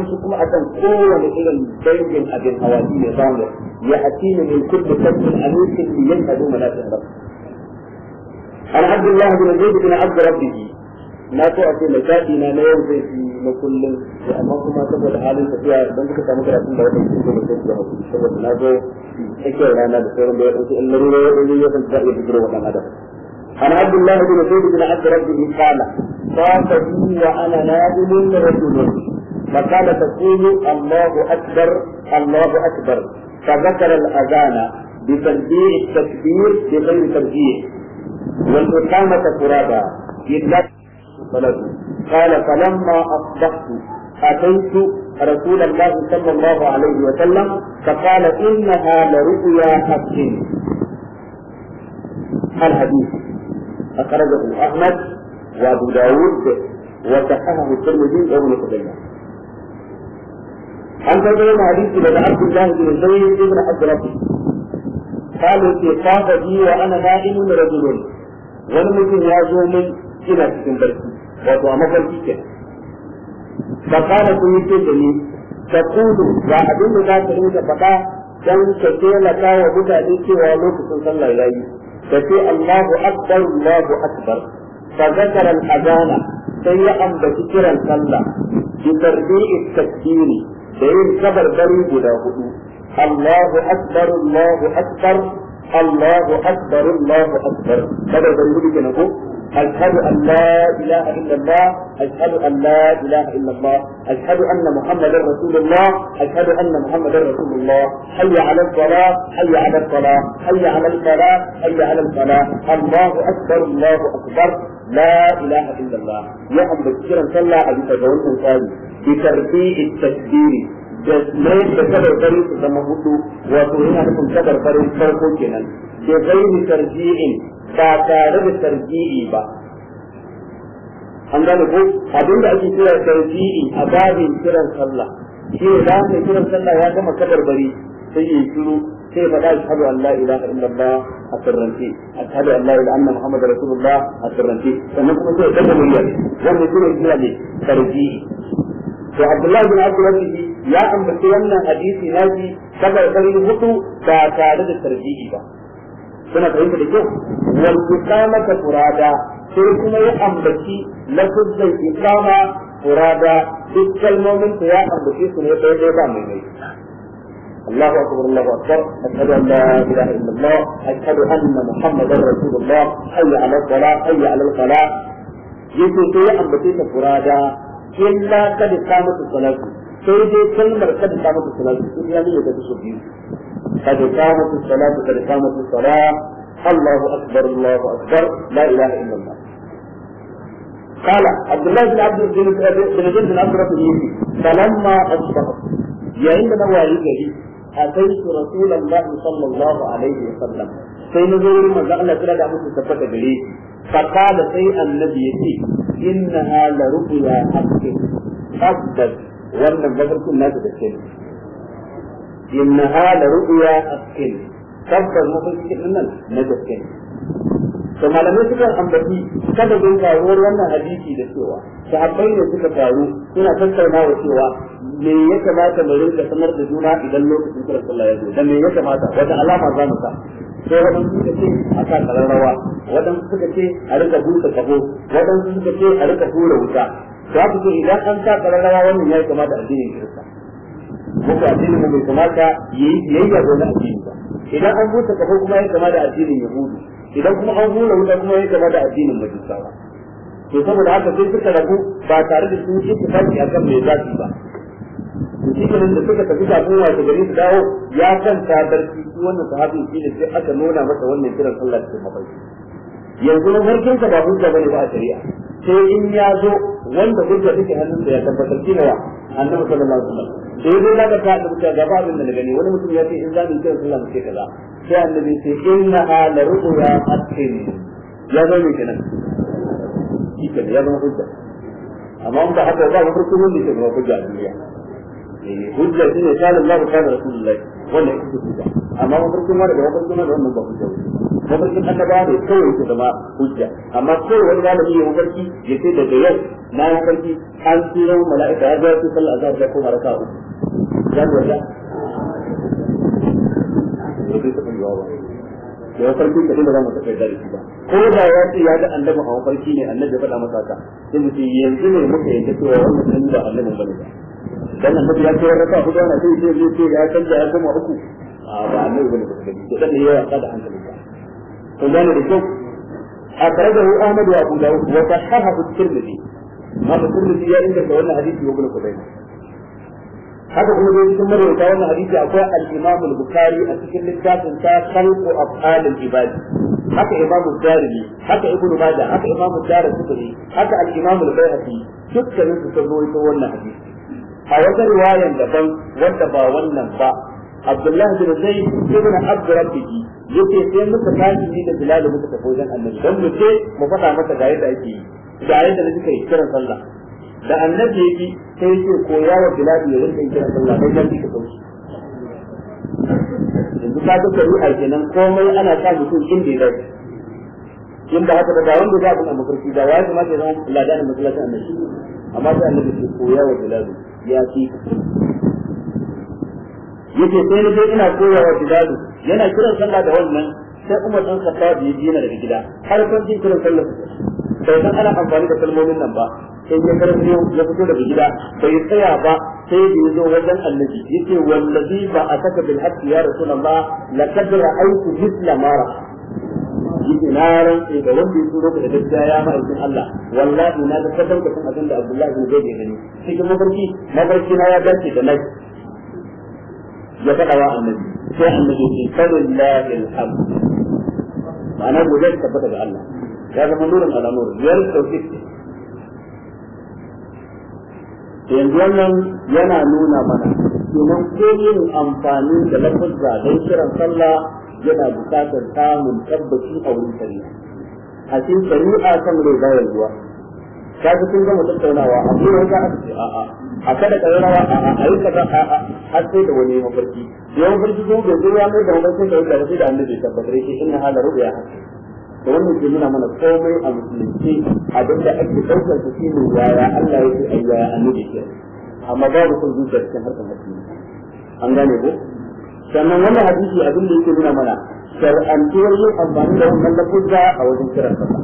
su kuma akan kowane irin dangin abin hawaji ne zamu ya hatini min kulli fadlin anisin li yanhadu malakin rabb an abdullah bin zaid bin abd rabbi na to a ce mai na na yau zai yi na kullum to amma kuma saboda halin tafiya don kuka samu karatun da wata yi cikin da kuma hakuri saboda na zo tsakiyar rana da sauran da ya ɗauki in larura ya ɗauki ya san za a iya bijiro wa ɗan adam عن عبد الله بن زيد بن عبد ربه قال طاف بي وانا نائم رجل فقال تقول الله اكبر الله اكبر فذكر الاذان بترجيع التكبير بغير ترجيع والاقامه ترابا الا قال فلما اصبحت أتيت رسول الله صلى الله عليه وسلم فقال إنها لرؤيا حق الحديث أخرجه أحمد وأبو داود وصححه الترمذي وابن خزيمة عن ترجمة الحديث لدى عبد الله بن زيد بن عبد ربه قالوا في طاف بي وأنا نائم رجل ولم يكن يا زومي إلى سكن بركي وأتوا مفر فقال كل تجني تقول لا أدل لا تريد فقا كم تقول لا وبدا لك ولوك صلى الله فتي الله أكبر الله أكبر فذكر الأذان سيئا بذكر الصلاة بترجيع التكبير سيئا كبر بريد له الله أكبر الله أكبر الله أكبر الله أكبر هذا بريد نقول أشهد أن لا إله إلا الله أشهد أن لا إله إلا الله أشهد أن محمدا رسول الله أشهد أن محمدا رسول الله حي على الصلاة حي على الصلاة حي على الصلاة حي على الصلاة الله أكبر الله أكبر لا إله إلا الله أبو بكر صلى أبي تدعون إنسان بترتيب التكبير da mai da kadar fari su zama hudu wato yana nufin ba tare da tarjihi ba an gane ko abin da ake kira tarjihi a babin kiran sallah shi ne da mai kiran sallah ya gama bari sai ya shiru sai faɗa Allah ila la inda ba a sirrance a an Allah ilaha anna muhammadar rasulullah a sirrance sannan kuma sai ya kafa murya wannan shi ne kira ne tarjihi to Abdullahi bin Abdullah ya ambaci wannan hadisi naji kabar kari hutu ba tare da tarjihi ba kuna fahimta da kyau wal iqamata furada sai kuma ya ambaci lafzul iqama furada duk kalmomin da ya ambaci su ne dai dai ba mai mai الله اكبر الله اكبر اشهد ان لا اله الا الله اشهد ان محمدا رسول الله حي على الصلاه حي على الفلاح ya ambaci ta فرادا الا قد قامت الصلاه sai dai kalmar kada ta salatu sai ya da su biyu قد قامت الصلاة قد قامت الصلاة الله أكبر الله أكبر لا إله إلا الله قال عبد الله بن عبد بن زيد بن عبد الرحمن فلما أصبح يا عندنا وعيد أتيت رسول الله صلى الله عليه وسلم sai na zo wurin manzo Allah kira da musu tabbata gare shi fa kada sai annabi yace innaha la ruqya haqqi tabbas wannan mafarkin nasu da kai إنها لرؤيا أسكن تفكر مفل كتنن نجسكن ثم لم يسكن أنبتي كذا بين كاروار وانا حديثي لسوا sahabbai da suka taru suna tattaunawa cewa me ya kamata mu rinka sanar da juna idan lokacin kira sallah ya zo dan me ya kamata wata alama za mu sa sai waɗansu suka ce a sa kararrawa waɗansu suka ce a rika busa kabo waɗansu suka ce a rika hura wuta za ku ce idan an sa kararrawa wannan ya kamata a addinin kirista muku addinin mu bai kamata yayi biyayya ga wani addini ba idan an huta kafa kuma ya kama da addinin yahudu idan kuma an hula wuta kuma ya kama da addinin majusawa to saboda haka sai suka rabu ba tare da sun yi tafi akan mai zafi ba cikin da suka tafi kafin wace gari su dawo ya kanta barci shi wannan sahabi shi ne sai aka nuna masa wannan kiran sallah cikin mafarki yanzu na farkin ba hujja bane ba a shari'a sai in ya zo wanda kuka duka hannun da ya tabbatar shi ne wa annabi sallallahu alaihi wasallam sai yazo daga ta da gaba abin da gani wani mutum ya ce in zamu kira sallah mu ce kaza sai annabi ce inna ala ru'ya haqqin ya zo ne kenan shi ya zama hujja amma ba haka ba ba farko ne ke ba hujja a duniya hujja shine kana Allah ka da Rasulullahi wanda yake hujja amma da wannan ba hujja ba hujja amma wani malami ya mafarki ya ce daga yau na an tsira mala'ika ya da kuma wanda da ya ba da shi ba ko da ya ce ya ga annabi a mafarki ne annabi ya faɗa masa ka sai mu yanzu ne muka yanke cewa wannan annabi ba ba dan annabi ya ce raka hudu ana sai sai zai ce ya canja ya koma uku a ba annabi bane ba kaji to dan ne ya kada hankali ka to gane da kyau akhrajahu ahmad wa abu dawud wa sahahahu at-tirmidhi ma at-tirmidhi ya inda da wannan hadisi wa kullu bayna haka kuma dai cikin marwata wannan hadisi akwai al-imam al-bukhari a cikin littafin ta khalqu af'al al-ibad haka imam ad-darimi haka ibnu majah haka imam ad-darqutni haka al-imam al-bayhaqi dukkanin su sun rawaito wannan hadisi a wajen riwayan daban wanda ba wannan ba Abdullahi bin Zaid ibn Abd Rabbih yake sai muka tashi ni da Bilal muka tafi wajen Annabi dan mu ce mu faɗa masa ga yadda ake yi ga yadda suka kai kiran sallah da Annabi yake sai yake koya wa Bilal ya rinka kiran sallah sai dan shi kauci yanzu ka ga a kenan komai ana sa mutum inda ya dace in ba haka da ga wanda za a kuma mafarki da ya kamata ya zama ladan masallacin annabi amma sai annabi ke koya wa Bilal ya fi yake sai na sai ina wa bilalu yana kiran sallah da wannan sai umar dan khattab ya ji yana daga gida har kan jin kiran sallah sai san ana amfani da kalmomin nan ba sai ya karfiyo ya fito daga gida bai tsaya ba sai da ya zo wajen annabi ce wallazi ba saka bil haqqi ya rasulullah kadra aitu mithla ma ra'a yake na rantsa da wanda ya turo da gaskiya ya ma'aikin Allah wallahi na ga kadan da kan abin da Abdullahi bin Zaid ya gani cikin mafarki mafarki na ya dace da nai ya faɗa wa annabi sai annabi ya ce alaihi alhamd ma'ana gobe ta tabbata ga Allah ya zama nurin al'amur biyar tawfiq yanzu wannan yana nuna mana domin ko irin amfani da lafazza don kiran sallah yana bukatar samun tabbaci a wurin shari'a a cikin shari'a kan rai bayan ruwa ka ga sun gama tattaunawa a kuma wata aka ce a'a a kada ka a'a a yi kaza a'a har sai da wani mafarki da mafarki sun bai zo mai da mafarki da wanda sai da annabi tabbatar yake inna hala ru'ya da wannan ke nuna mana komai a musulunci abinda ake ɗaukar su shi ne yaya Allah ya ce ayyaya annabi ke amma babu kun zuciya cikin harkar musulunci an gane ko sannan wannan hadisi abin da yake nuna mana shar'antuwar yin amfani da wannan lafuzza a wajen kiran kafa.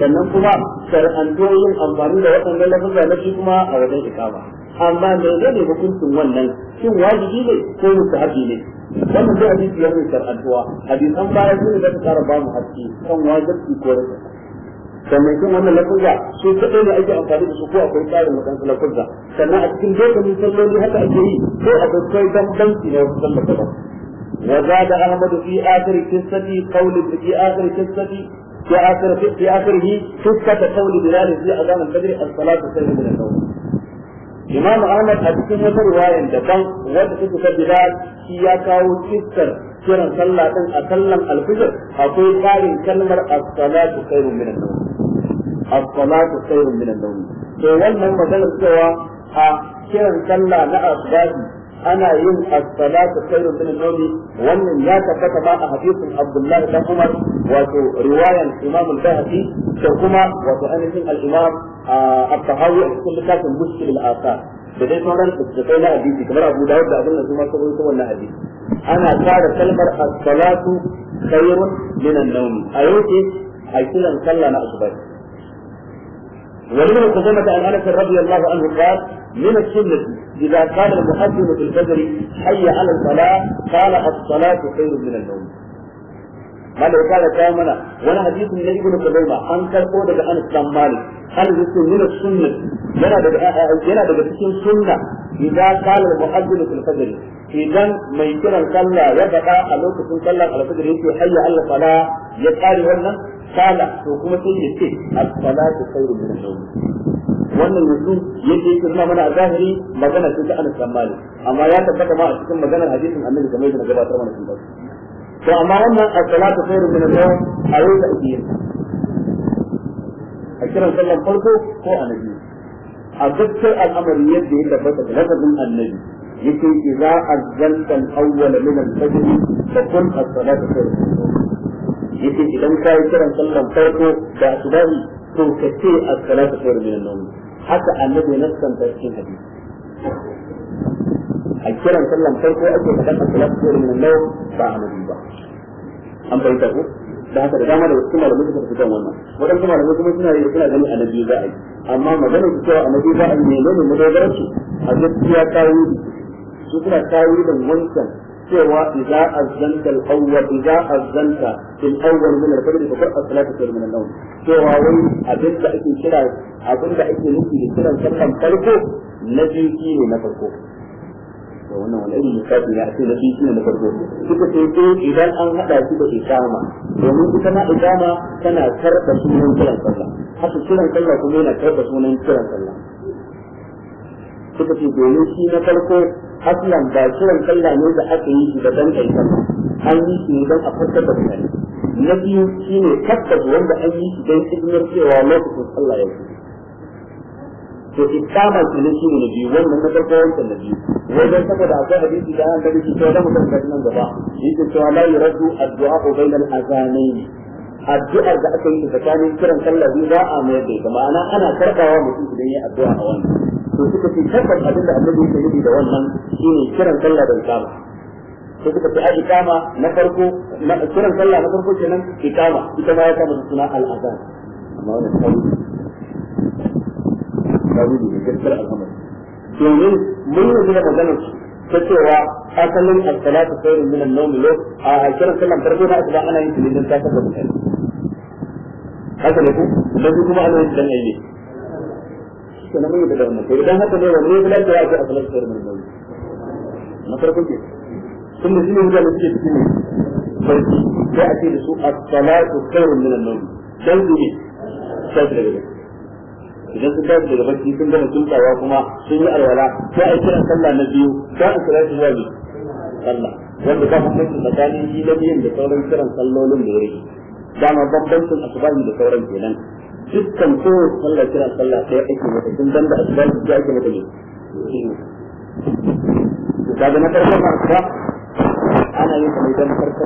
sannan kuma shar'antuwar yin amfani da waɗannan lafuzza na shi kuma a wajen ikama amma menene hukuncin wannan shin wajibi ne ko mustahabi ne wannan da hadisi ya nuna shar'antuwa hadisan baya sun da zata fara ba mu haske kan wajibi ko sannan kin wannan lafuzza su kadai da ake amfani da su ko akwai tsarin wadansu lafuzza sannan a cikin lokacin salloli haka ake yi ko akwai kai bambanci na wasu sallar daban وزاد أحمد في آخر قصة قول في آخر قصة في آخر في آخره قصة قول بلال في أذان الفجر الصلاة خير من النوم Imam Ahmad a cikin wata da daban wanda take ta Bilal shi ya kawo cikkar kiran sallah din a sallan alfijir akwai tsarin kalmar as-salatu khairun minan nawm as-salatu khairun min an-nawm to wannan magana cewa a kiran sallah na asbabi ana yin as-salatu khairun min an-nawm wannan ya tabbata ba a hadisin Abdullah dan Umar wato riwayan Imam al-Bahati da kuma wato ainihin al-Imam at-Tahawi a cikin littafin Mushkil al-Asar da dai sauran kai na hadisi kamar Abu Dawud da abin da su ma sauran wannan hadisi ana fara kalmar as-salatu khairun min an-nawm a yau ce a kiran sallah na asuba ولمن خزيمة عن أنس رضي الله عنه قال من السنة إذا قال المؤذن في الفجر حي على الصلاة قال الصلاة خير من النوم mala ya kara kawo mana wani hadisin na ibnu kulaima an karbo daga anas dan malik anas yace min sunna yana daga yana daga cikin sunna idan qala al-mu'adhdhin fil fajr idan mai kiran sallah ya faɗa a lokacin sallar al-fajr yace hayya Allah fala ya kare wannan sala to kuma sai ya ce as-salatu khairun min an-nawm wannan yanzu yake yake nuna mana a zahiri magana ce ta Anas bin Malik amma ya tabbata ma a cikin maganar hadisin Annabi kamar yadda gabatar mana cikin وأمرنا الصلاة خير من النوم أو تأذيه أشرا صلى الله عليه هو النبي أبدت الأمر يده إلا فتك لفظ النبي لكي إذا أزلت الأول من الفجر فكن الصلاة خير من النوم لكي إذا كان أشرا صلى الله عليه وسلم بأسباب تنكتي الصلاة خير من النوم حتى النبي نفسا تأتي الحديث a kiran sallan farko ake kaɗan a salatu khairu min an-nawm ba amadi ba an bai ta ku da haka da dama da wasu malamai suka fita wannan waɗansu malamai kuma suna yi suna ganin annabi za a yi amma magana su cewa annabi za a yi menene madogarar su a gaskiya kawo su suna kawo da wancan cewa idza azzanta al-awwal idza azzanta fil awwal min al-fajr fa qad as-salatu khairu min an-nawm cewa wai abin da ake kira abin da ake nufi da kiran sallan farko na biyu ne na farko da wannan wani irin lissafi ne a ce da shi shine na farko Kika ce ko idan an hada shi da ikama domin ita ma ikama tana karɓa sunan kiran sallah haka kiran sallah kuma yana karɓa sunan kiran sallah Kika ce domin shi na farko aslan ba kiran sallah ne da aka yi shi da dan kai sallah an yi shi ne don a farkar da mutane na biyu shi shine tabbas wanda an yi shi don izinin cewa lokacin sallah ya fi to ikama shi ne shi ne na biyu wannan na farko wancan na biyu wajen saboda akwai hadisi da an gari cewa da mutum kan nan gaba yake cewa la yuraddu addu'a bainal azanain addu'ar da aka yi tsakanin kiran sallah biyu za a mai da ma'ana ana karbawa mutum idan ya addu'a a wannan to suka ce tabbas abin da annabi yake nufi da wannan shine kiran sallah da ikama sai suka ce a ikama na farko kiran sallah na farko kenan ikama ita ma ya kama da suna al amma wannan tawili tawili ne gaskiyar al'amari domin mun yi da maganar ta cewa asalin as-salatu khairun min an lo a kiran sallan farko da asuba ana yin tilin ta saka mutane haka ne ku da kuma ana yin dan ayi kana mun yi da wannan to idan haka ne ne ya da ya asalin khairun min an na farko ke tun da shine mutane suke cikin farki sai a ce da su as-salatu khairun min an dan ne sai da idan sun tashi daga barci sun gama tuntawa kuma sun yi alwala sai a kira sallah na biyu za a kira shi zuwa sallah wanda ba hukunci tsakanin shi na biyun da sauran kiran sallolin da ya rage dama bambancin asubahi da sauran kenan dukkan ko sallah kira sallah sai ake mata sun dan da asubahi sai ake mata ne kaga na farko ba ana yin kamar dan farko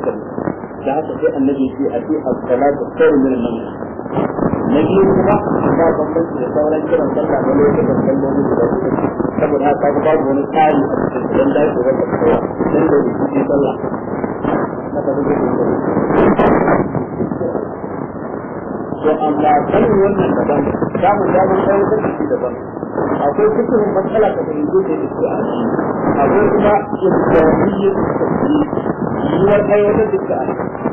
da haka sai annabi ya ce a ce as-salatu khairu min an-nawm na biyu kuma ba bambanci da sauran kiran sallah da lokacin kallon da suke saboda haka ga babu wani tsari a cikin dan da ke wata kowa dan da ke sallah haka suke da to amma kan wannan daban samun damar ɗaukar da shi daban akwai kusurin matsala ka fahimto da ita a shi akwai kuma yadda wani yi ta yi yiwuwar aiwatar da ita a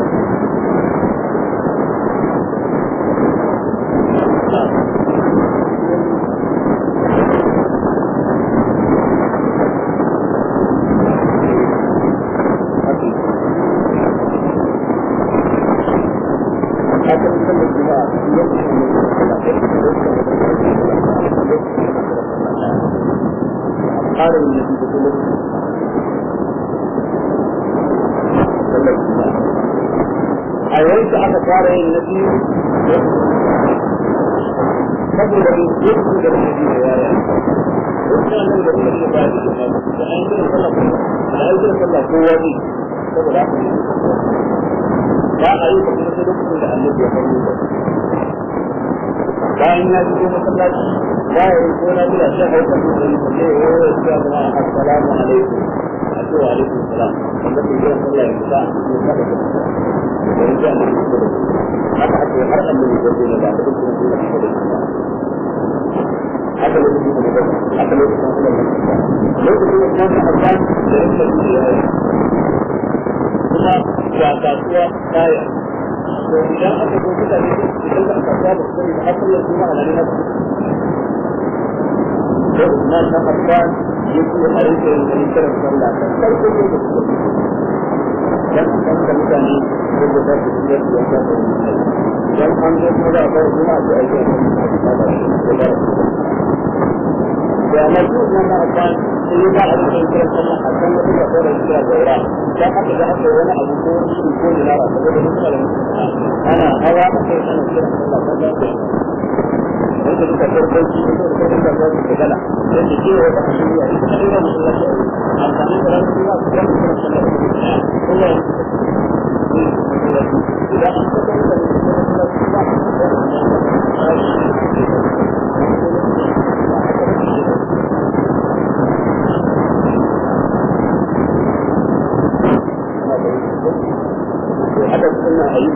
in ya masallaci ba ya yi na bila shan haifar da ya yi wasu ya zama assalamu alaikum a cewa alaikum salam wanda sallah ya da da da haka ake har an ba da da kuma idan aka zo mutane idan da aka saba ko idan har kullum kuma a lalata da Usman na Affan ya kuma harin da wani kiran sallah kan farko ne da kuma dan kan da mutane ko da ba su da ya ta da dan an zo kuma da bar kuma da aiki da ba da da amma Usman na Affan musulmi ba a cikin kiran sallah a kan wani da sauran kira zaura da aka ga aka wani abu ko shi ko da lara saboda mutane ana hawa a kai ana kiran sallah kan zafi wanda suka farkon shi ne da kuma da zafi da gala da ke kewa da shi ne a cikin shi ne musulmi a amfani da ran kuma su kan kiran sallah da kuma idan an kasar da musulmi da kuma da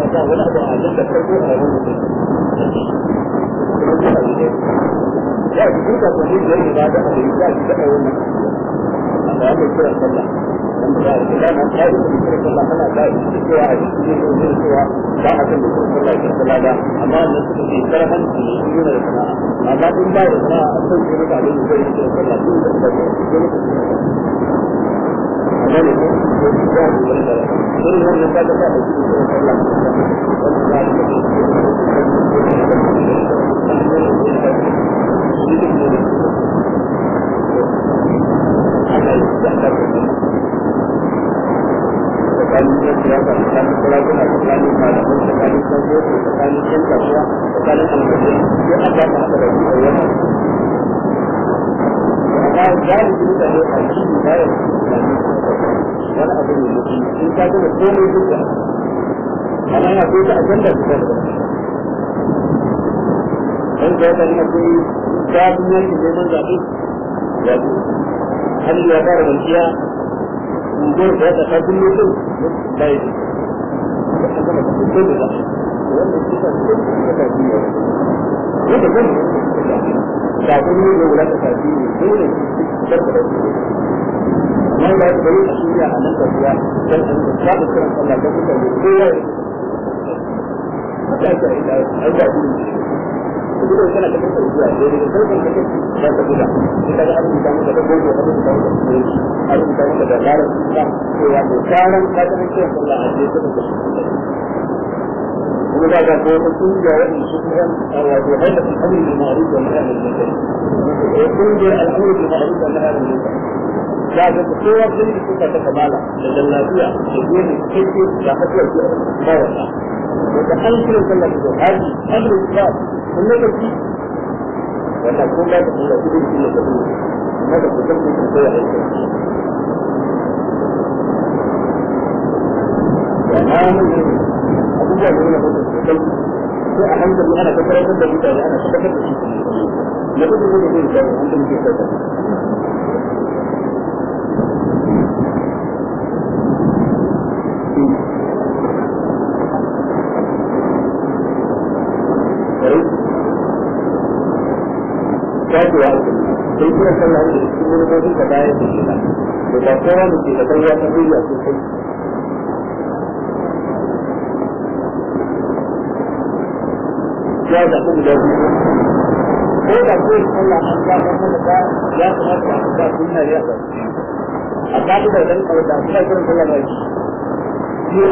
ولا دعاء لك تقول أنا ya ji duka ko ne da ba da ne ya ji da wannan amma ya kira sallah dan da ya da nan da kira sallah kana da shi cewa a cikin ne cewa ba a san da sallah ke sallah ba amma da su ke karban shi ne da sana'a amma in ba da sana'a a san da ba da sallah ko da sallah tsakanin yan kasuwa tsakanin na duk an ba da galibi mutane a cikin bayan wani abu in ka komai da ko ta ajanda su kan don ga wata ya da ya da ta kullum da zaɓe wanda suka ba ne ne ta tafi ne dole ki da shi nan da yake a shirya a nan tafiya dan an ta da kiran Allah da kuka ne kowa ta ta ida ai da shi duk da kana da kuka zuwa da ne sai kan kake da ta gida idan da abin da mu da gogo da mu da mu da shi abin da mu da laran ta ko ya ko karan ta ce Allah a ce ta da shi guda ga ko kungiya wanda su kuma wato hayar al'amri bil ma'ruf wa nahy anil munkar kungiya al'amri bil ma'ruf wa nahy anil munkar da ga kowa sun yi suka ta kamala da lallafiya da gini kai da hafiyar da bawa da an kira sallah da haji amru ba kun ne kaci wannan kun ga da Allah shi ne da ku kuma da kusan ku sai ya yi وآمنوا abubuwa ne na hudu sosai sai a hankali ana da mutane ana tabbatar da shi na kudu ne ne zai an da muke kai Kyakkyawa, sai kuma sallah da cikin wani da bayan da shi na, da ba kowa da ke da ya ta sosai ya zaɓi guda biyu ko da ko in Allah an ya zama da ba ya kamata a ba sunna ya zaɓi a kaɗi da ɗan kawata suna kiran sallah ba shi shi ya yi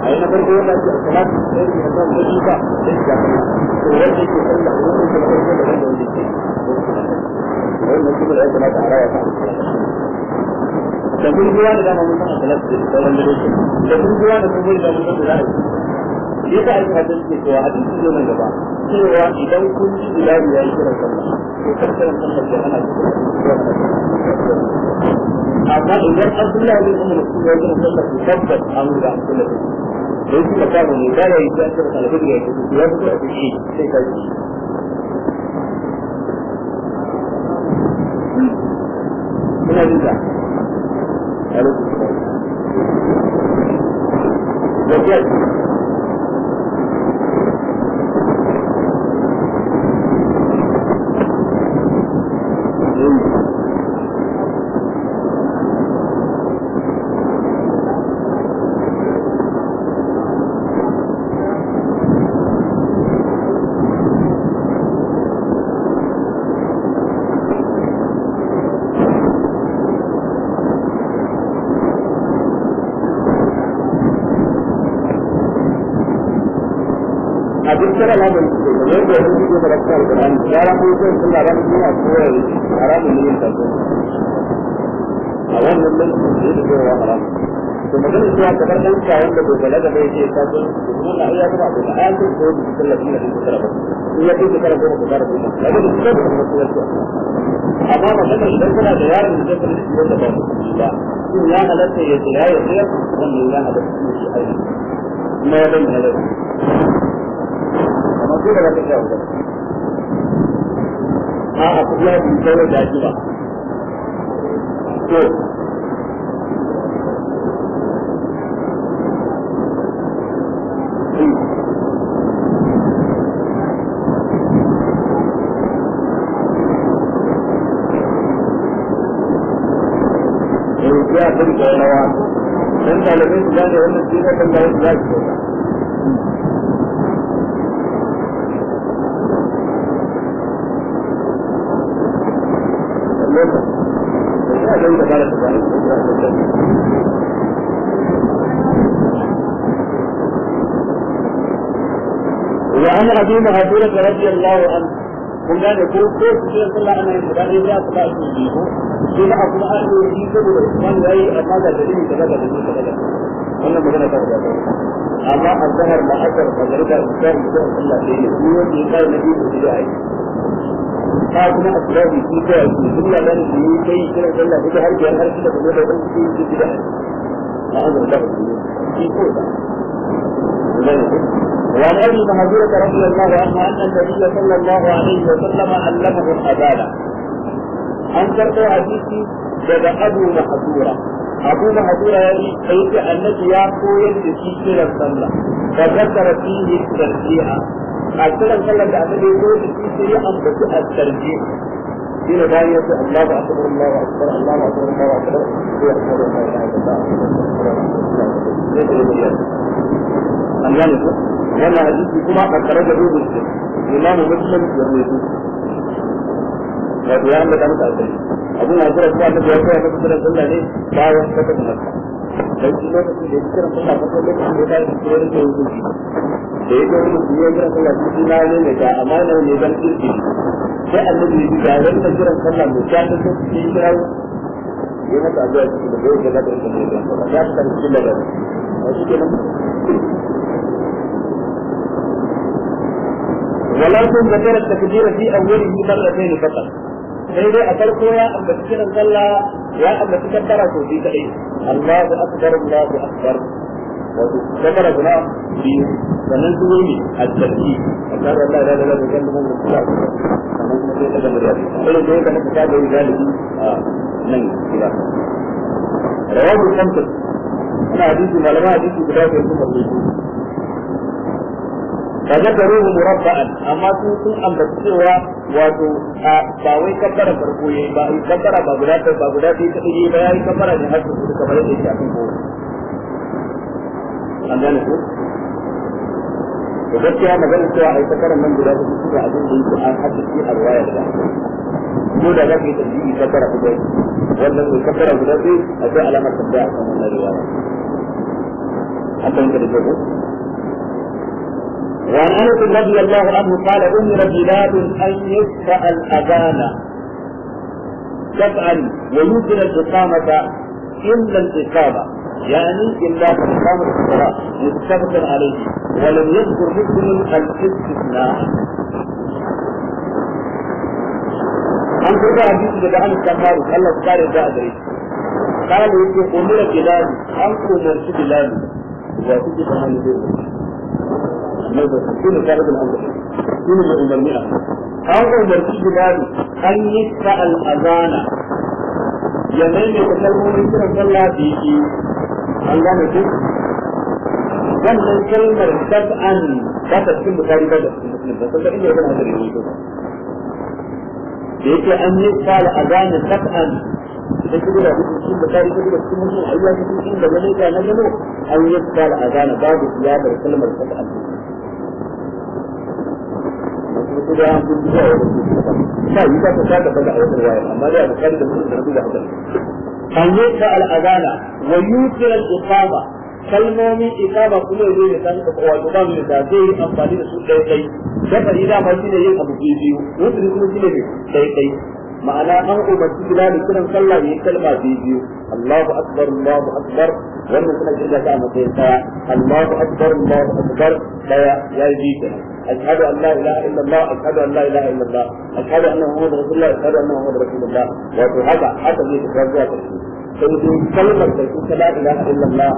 a yi na farko wanda ake a salatu da yake a kan kuɗi ba da shi ya kama to wanda yake sallah wanda yake sallah da wanda kuma da ya kamata a ta da kun da dama mun a salatu da da yake da kun zuwa da kun zuwa da kuma san da za a yi yasa aka hadin ke cewa nan gaba cewa idan kun ya yi kiran da ana amma idan ne kuma an ga da da ne da ya yi ta da ya yi ya eh, sai ka ta Thank you. kira na da yadda ya fi da rakka da kan yaran ko sai sun da ranar yana koyar haramun ne yin tantu a wannan lokacin da yake koyarwa haramun to magana cewa kamar dan kayan da gobala da bai ce ta sun kuma na iya zuwa da ayan ko ko da kalla da kalla da kalla in ya kike kalla ko da kalla ko da kalla da kalla da amma magana idan kana da yaron da zai kalla da ba ba in ya halatta ya tsaya ya tsaya wannan ya halatta shi aiki ma ban halatta ko da zaka shawo a a kuma bi sai da shi ba to eh, Ya, sun gane sun ɗalibin su da wani وأن رجيم غفورة رضي الله عنه قلنا نقول كيف تشير صلى الله عليه وسلم إذا أطلع تجيبه إذا أطلع أهل وشيك ورحمن وأي أطلع جديد من سبب جديد من سبب قلنا مجنة كربا أما الظهر ما أكبر فضلك أستاذ الله فيه هو إيقاء نبيه في جائعه kafin a kula da shi da shi da ya bani shi ne sai shi da Allah da har biyar har shi da kuma da wani shi da shi da shi da وعن ابي مهزوره رضي الله عنه ان النبي صلى الله عليه وسلم علمه الحباله. ان ترك عزيزي جد ابو مهزوره. ابو مهزوره يعني كيف انك يا قوي لشيخ رسول الله فذكر فيه الترجيح a kiran sallar da annabi ya zo da shi sai ya ambaci a sarki shi ne bayan ya ce Allahu akbar Allahu akbar Allahu akbar Allahu akbar sai ya fara da Allah an gane ko wannan hadisi kuma a tsare da rubun shi imamu muslim ya rubuta wato ya ambata masa a sarki abin da kuma annabi ya koya masa kiran sallah ne bayan ta tafi sai shi lokacin da ya kira sallah ko lokacin da ya tashi ko wani da wuce da ya gani mutum ya kira sallah shi na ne ne ga amana ne dan kirki sai annabi ya ga wanda kira sallah ne ya ta so shi kira ya mata addu'a da bai ga da shi da sallah ya ta cikin da shi kenan ولو كنت ذكر التكبير في اوله مرتين فقط sai dai a farko ya ambaci kiran zalla ya ambaci kaddara to bi kadai Allahu akbar Allahu akbar wato kaddara guna bi sanan zuwa ne a tsarki a tsara Allah ya lalata kan mun da kula sannan kuma sai daga murya irin da yake muka ga galibi a nan kira rawahu kamtu ina hadisi malama hadisi guda ke kuma fa zakaruhu murabba'an amma su sun ambaci cewa wato ba wai kabbara farko yayi ba kabbara ba guda ta ba guda ta yi ba yayi kabbara ne har su kamar yadda yake akan ko an gane ko to gaskiya magana cewa nan guda ta su da abin da yake an hadisi a riwaya da ko da za ka yi tafiyi kabbara guda wannan mai kabbara guda ce akwai alamar tabbaya a kan wannan riwaya an fahimta da ko وعن انس رضي الله عنه قال امر بلاد ان يدفع الاذان شفعا ويمكن الاقامه الا الاقامه يعني الا اقامه الصلاه متفق عليه ولم يذكر مسلم الاستثناء an kuma hadisi daga an kafaru قال له kare da gare shi kalu yake umira bilal an umarci bilal wa kuke ne da shine karatu an shine da umarni a an umarci ibadu an ta ya kalmomin kiran sallah da yake an gane shi wannan kalmar sab'an ba ta cikin bukari ba da muslim ba sai inda ya da da yake an yi ta al'azana sab'an da kuma da cikin bukari da cikin muslim ayyuka cikin da wani ga na gano an yi ta al'azana babu ziyadar kalmar sab'an fito da an kuma da wani ba yi ta ta waya amma da bukari da mutum da rabu hakan an yi ta al'azana wa yutira kuma yazo san ka da zai yi amfani da su da fari da fa'ida ma shine yin abu biyu wato kuma shi ne dai ma'ana an umarci gida da kiran sallah yayin kalma biyu Allahu akbar Allahu akbar wannan Allahu akbar Allahu akbar daya ya Allah ashhadu an Allah wa to haka haka ne ta zuwa ta shi sai mutum kalmar da kuka la ilaha illa Allah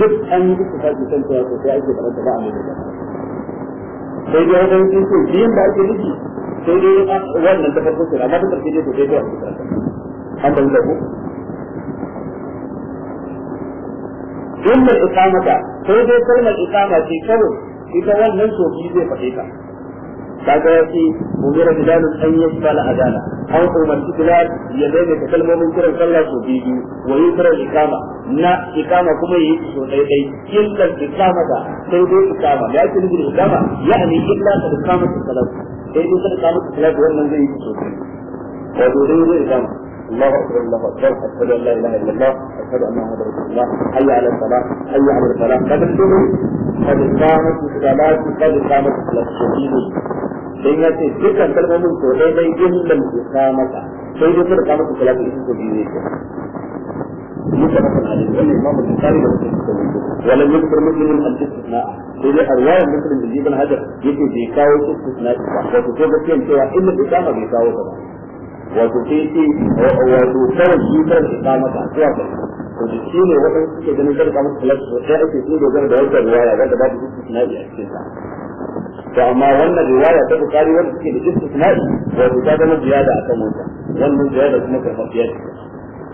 duk an yi duka ta kusan ta sai ake karanta ba a mai da ba sai dai wajen kinsu biyan da ake sai dai wannan ta farko kenan amma ta karshe dai to dai dai an da wuce ko inda ikamata sai dai kalmar ikama ce kawai ita wannan sofi zai faɗe ta kaga ya ce umira bilal an yi yasbal adana an umarci bilal ya daina ta kalmomin kiran sallah so biyu wa yusra ikama na ikama kuma yi so dai dai illa ikama da sai dai ikama ya ce ni ikama yani illa ta ikama ta salatu sai dai kada ka mutu salati wannan zai yi so wato dai zai zama الله اكبر الله اكبر اشهد ان لا اله الا الله اشهد ان محمدا رسول الله حي على الصلاه حي على الصلاه قد تدعو قد قامت الصلاه قد قامت الصلاه sai ya ce dukkan kalmomin to dai dai illan ikamata sai dai kada ko متفق عليه والإمام البخاري ولم يذكر مسلم الاستثناء إذا الرواية مسلم بن ابن هجر يجي بيكاو استثناء وتقول بس يمشي إن الإسامة بيكاو طبعا وتقول وتقول شيء الإسامة تعطيها to da shi ne waɗansu suke ganin zarga musu talaka sosai ake su dogara da wancan riwaya wanda babu istisna'i a cikin ta to amma wannan riwaya ta bukari wanda suke da istisna'i wato ta akan wata wannan ziyada kuma karfafiya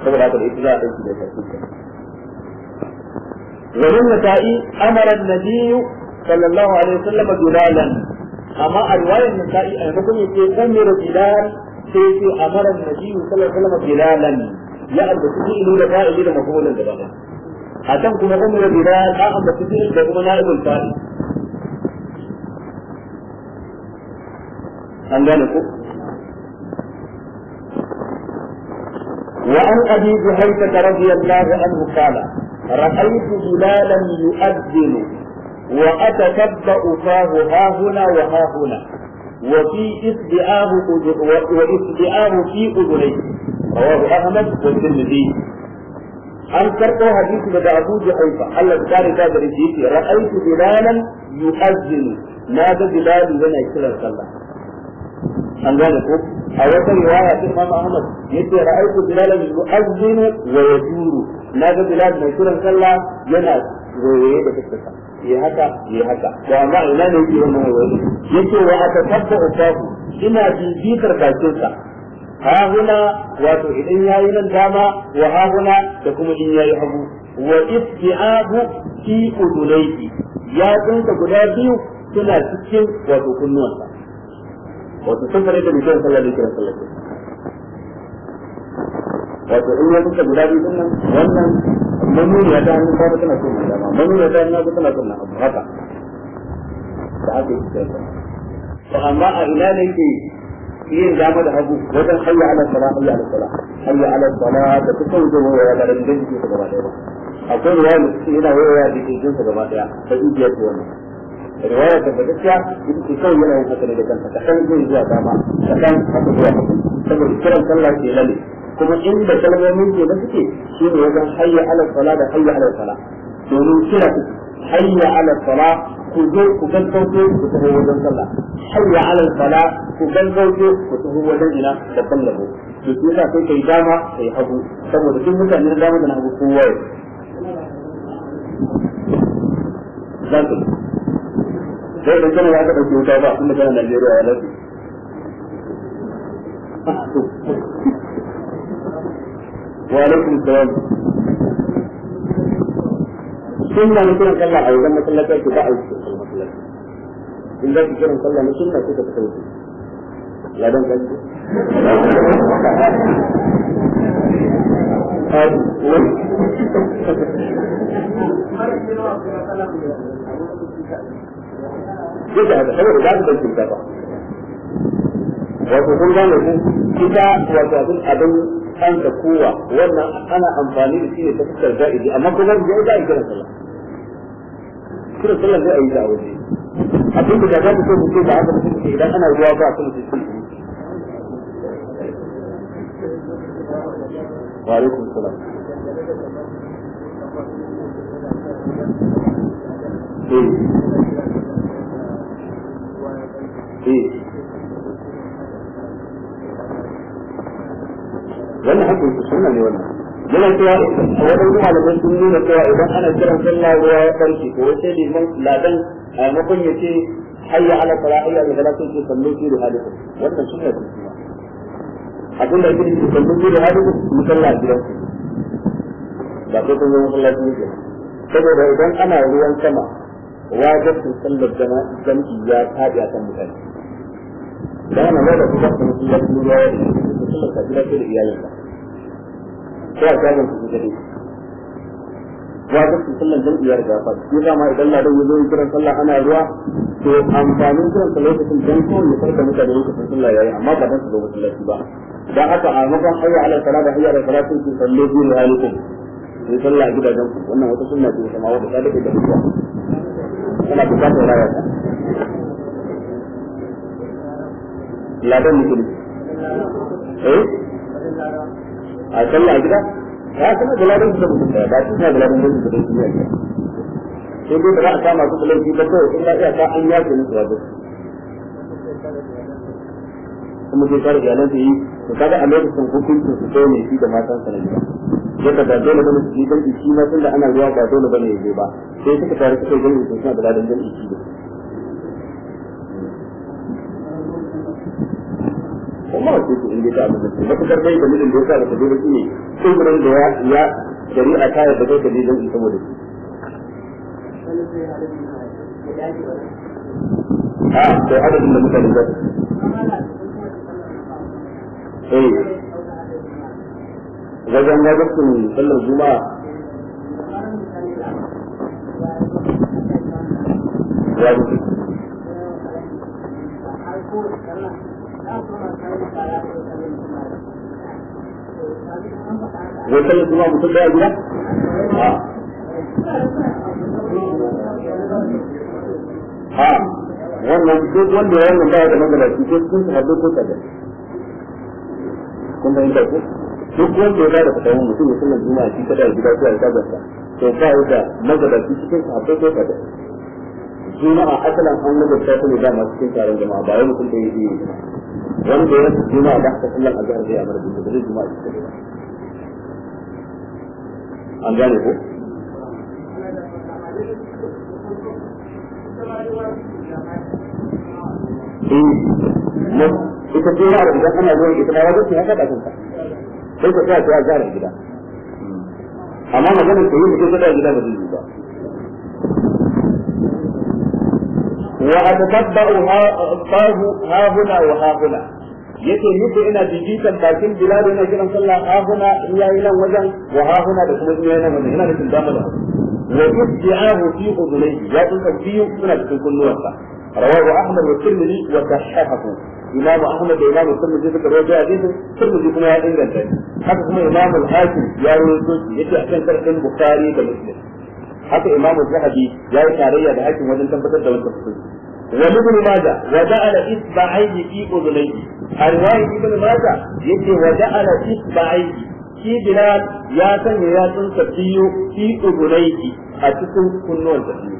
saboda haka da ita za a ɗauki da shafi na ta'i amaran nabiyu sallallahu alaihi wasallam bilalan amma a riwayar na ta'i a maimakon ya ce umira bilal sai ce amaran biyu sallallahu alaihi wasallam bilalan ya ambaci fi'ilu da fa'ili da da a can kuma bilal an da kuma na'ibul fa'il an gane وعن ابي جهيفة رضي الله عنه قال رأيت هلالا يؤذن وأتتبأ فاه ها هنا وها هنا وفي إصبعاه وإصبعاه في أذنيه رواه أحمد والترمذي عن كرقو حديث بدا أبو جحيفة حل الدار كاد رأيت هلالا يؤذن ماذا بلال لنا يسلل الله an gane ko a wata riwaya ta Imam Ahmad yace ra'aytu Bilal yu'azzinu wa yajuru naga Bilal mai kiran sallah yana roye da fuskata yi haka yi haka Wa amma ina ne yake wannan roye yace wa tabba usahu ina bibitar bakinsa ha huna wato idan yayi nan dama wa ha huna da kuma in yayi hagu wa istiabu fi udunayki ya tsinka guda biyu suna cikin wato kunnuwansa wato sun fare da bidiyon sallah da kiran sallah wato in ya kuka guda biyu din nan wannan mamuni ya ta hannun fata tana sunna dama mamuni ya ta hannun fata tana sunna abu haka da aka yi kiran sallah to amma a ina ne ke yin dama da hagu wajen hayya ala sala hayya ala sala hayya ala sala da kusa wajen waya da yake jiki gaba daya akwai ruwa da suke yana waya da jinsa gaba daya ta ijiyar wannan riwayar da gaskiya ita ce kawai yana yin haka ne da kansa kasan zai zuwa dama kasan haka zuwa saboda kiran sallah ke lalle kuma inda kalmomin ke da suke shi ne wajen hayya ala sala da hayya ala sala domin kira su hayya ala sala ku zo ku gaggauto ku taho wajen sallah hayya ala sala ku gaggauto ku taho wajen ina da sallah to shi yasa sai kai dama kai hagu saboda duk mutane da dama da hagu kowa ya Thank you. zai da kana ya ka dauki wuta ba tun da kana Najeriya ya lafi wa alaikum salam sunna ne kiran sallah a wajen masallaci ko ba a wajen masallaci in za ki kiran sallah na sunna ko ka tafi ya dan kanki Thank you. yadda da saboda da su ɗauki ta ba wato kun gane ku ita wato abin abin an da kowa wannan ana amfani da shi ne ta fuskar za'idi amma kuma zai da ita sallah kiran sallah da yi da waje abin da za mu so ce da haka mutum ke idan ana ruwa ba kuma shi wa alaikum Eh. wannan hakan sunna ne wannan yana cewa wadan malamai sun nuna cewa idan ana kiran sallah ruwa ya farki ko sai liman ladan a makon ya ce hayya ala sala hayya ala sala sun ce sallu fi rihalikum wannan sunna ce abin da yake ce sallu fi rihalikum musalla a gidanku ba ko kun zo masallaci ne saboda idan ana ruwan sama wajibin sallar jama'a ya tabi a kan mutane da ana ba da kuma kuma su yaki ruwa ya da su kuma kabila ce da iyayensa ko a shagon su gade ya ga su sallan dan iyar gafa shi da ma idan ladan yazo yin kiran sallah ana ruwa to amfanin kiran sallah lokacin dan ko ya farka mutane lokacin sallah yayi amma ba dan su zo masallaci ba dan haka a makon hayya ala salata hayya ala salatin ku sallu bi halikum ku sallah gidajen ku wannan wata sunna ce kuma wata sadaka da kuma ana bukatar rayuwa ladan mutum eh a sallah a gida ya kuma da ladan da mutum da ba shi da ladan da mutum da shi ne sai dai ba a kama su da laifi ba kawai in ba iya ka an yaƙi musu wajen kuma sai kare iyalan su yi to kaga a lokacin hukunci su kai ne shi da matan sa na gida yadda ba dole ne su yi dan shi ma tunda ana ruwa ba dole bane ya je ba sai suka tare suka gani to suna da ladan shi kuma wace ce inda ta abin da su matukar bai da da ya sa ba ta zo ba shi ne tsibirin da ya ya shari'a ta yarda da dalilin su saboda shi. a to adadin da mutane za eh wajen wajibcin sallar juma'a wajibcin wai sallar juma'a mutum daya gida a wannan duk wanda ya wannan baya da magana shi ko sun sahabbai ko kaza kun fahimta ko duk wanda ya bada fata wani mutum ya sallar juma'a shi kada gida ko ya kaza to ba ya da magana shi cikin sahabbai ko kaza juma'a asalan an nazarta ta ne dama cikin taron jama'a ba wai mutum da ya yi wanda ya juma'a da aka sallar azhar zai amara da juma'a cikin an gane ko ita ce idan ana zuwa ita ma wajen ce haka sai ka tsaya gyara gida amma magana ta yi mutum ta gida ba zai yake muku ina bibitan bakin bilal yana kiran sallah ha huna in yayi nan wajen wa ha huna da kuma in yayi nan wajen yana kin dama da wa yubdi'ahu fi udunayhi ya tsunka biyu suna cikin kunnuwansa rawahu ahmad wa tirmidhi wa sahahahu imam ahmad da imam tirmidhi suka rawaya hadisin tirmidhi kuma ya inganta haka kuma imam al-hakim ya rawaito yake akan karfin bukhari da muslim haka imam zahabi ya yi tarayya da hakim wajen tabbatar da wannan وابن ماجه وجعل اصبعيه في اذنيه الروايه ابن ماجه يجي وجعل اصبعيه في بلال يا سن يا سن في اذنيه اتكون كنون تبيو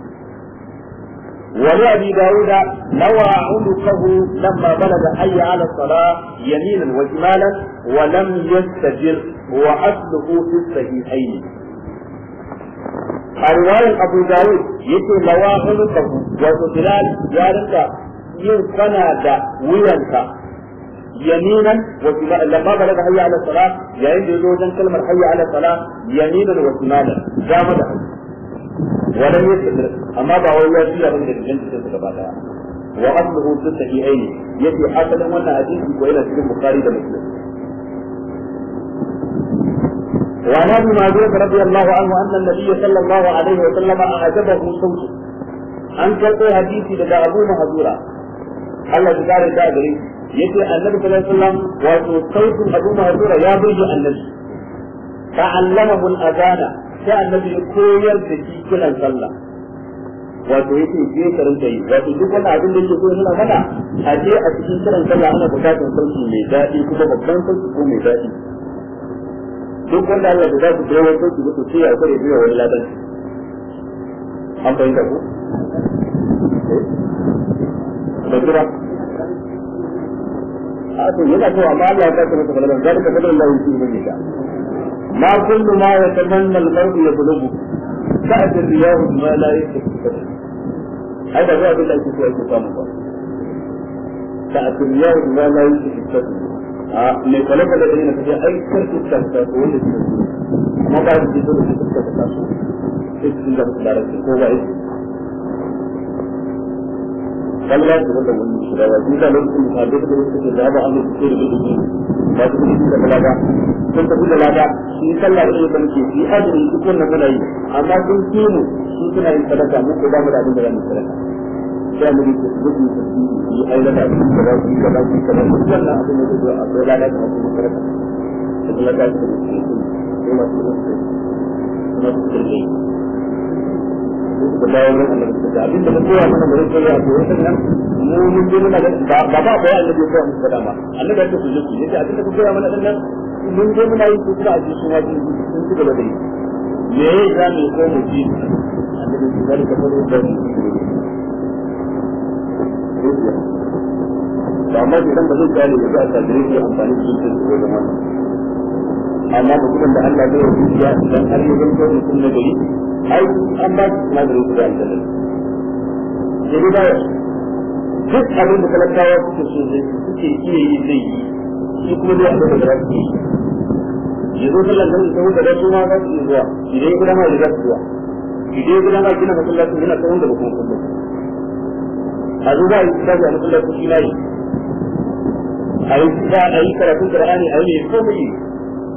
ولأبي داود نوى عنقه لما بلغ حي على الصلاة يمينا وشمالا ولم يستجر وأصله في الصحيحين a riwayar abu dawud yace lawahulu kahu wato bilal ya rinka yin kana da wuyansa yaminan wa shimalan lamma balaga hayya ala salat yayin da yazo wajen kalmar hayya ala salat yaminan wa shimalan dama da hagu ولم يستدرك أما في الصحيحين wannan حسنا وأن حديثه cikin سيد da ومسلم وعن ابي معذور رضي الله عنه ان النبي صلى الله عليه وسلم اعجبه صوته an karɓo hadisi daga abu mahazura Allah ya kare da gare yace annabi sallallahu alaihi wato sautin abu mahazura ya burge annabi ta'allamahu al-adana sai annabi ya koyar da sallah wato yake je karin tayi wato duk wani abin da yake koyar mana a je a cikin kiran sallah ana bukatar sauti mai daɗi kuma babban sauki ko mai daɗi duk wanda Allah da za su da wani sauki mutu sai ya kare biya wani ladan an fahimta ko da eh? kira a ah, to yana cewa amma Allah ya kace masa balagan zalika fadlullah yuti man yasha ma kullu ma yatamanna al-mar'u yablughu ka'at ar-riyah ma la yastaqbil ai da zuwa bin da yake so yake samu ba ka'at mai kwalaka da dalilin kaje ai kar ku ta ta wanda ke ma ba su da su ta ta su sai su da su da su ko ba da lokacin da da da suke da ba suke da ba su da sun tafi da shi sallah da yake ke yi azumi duk wannan yi amma sun ce mu su suna yin sadaka mu ko ba mu da abin da za mu sadaka sai mu rike yi mu ji ba ba ba ya ya ce mana a cikin wani sun ci almajirai su yi da zai gane da za a almajirai su yi amfani da zuciya su wajen wannan amma da Allah zai yi ya idan har yi zan kawo mutum na gari ai an ba su sinadarin da aljanna sai dai duk abin da talakawa suke so zai suke iya yi zai yi shi kuma zai abin da za su yi yanzu sallan nan ta wuce da su ma za su yi zuwa idan ya gudanar da zuwa idan ya gudanar gina masallacin yana tsawon da ba kuma a zo za a yi kitabu a masallaci shi ma yi a yi za a yi karatun qur'ani a yi ne ko mai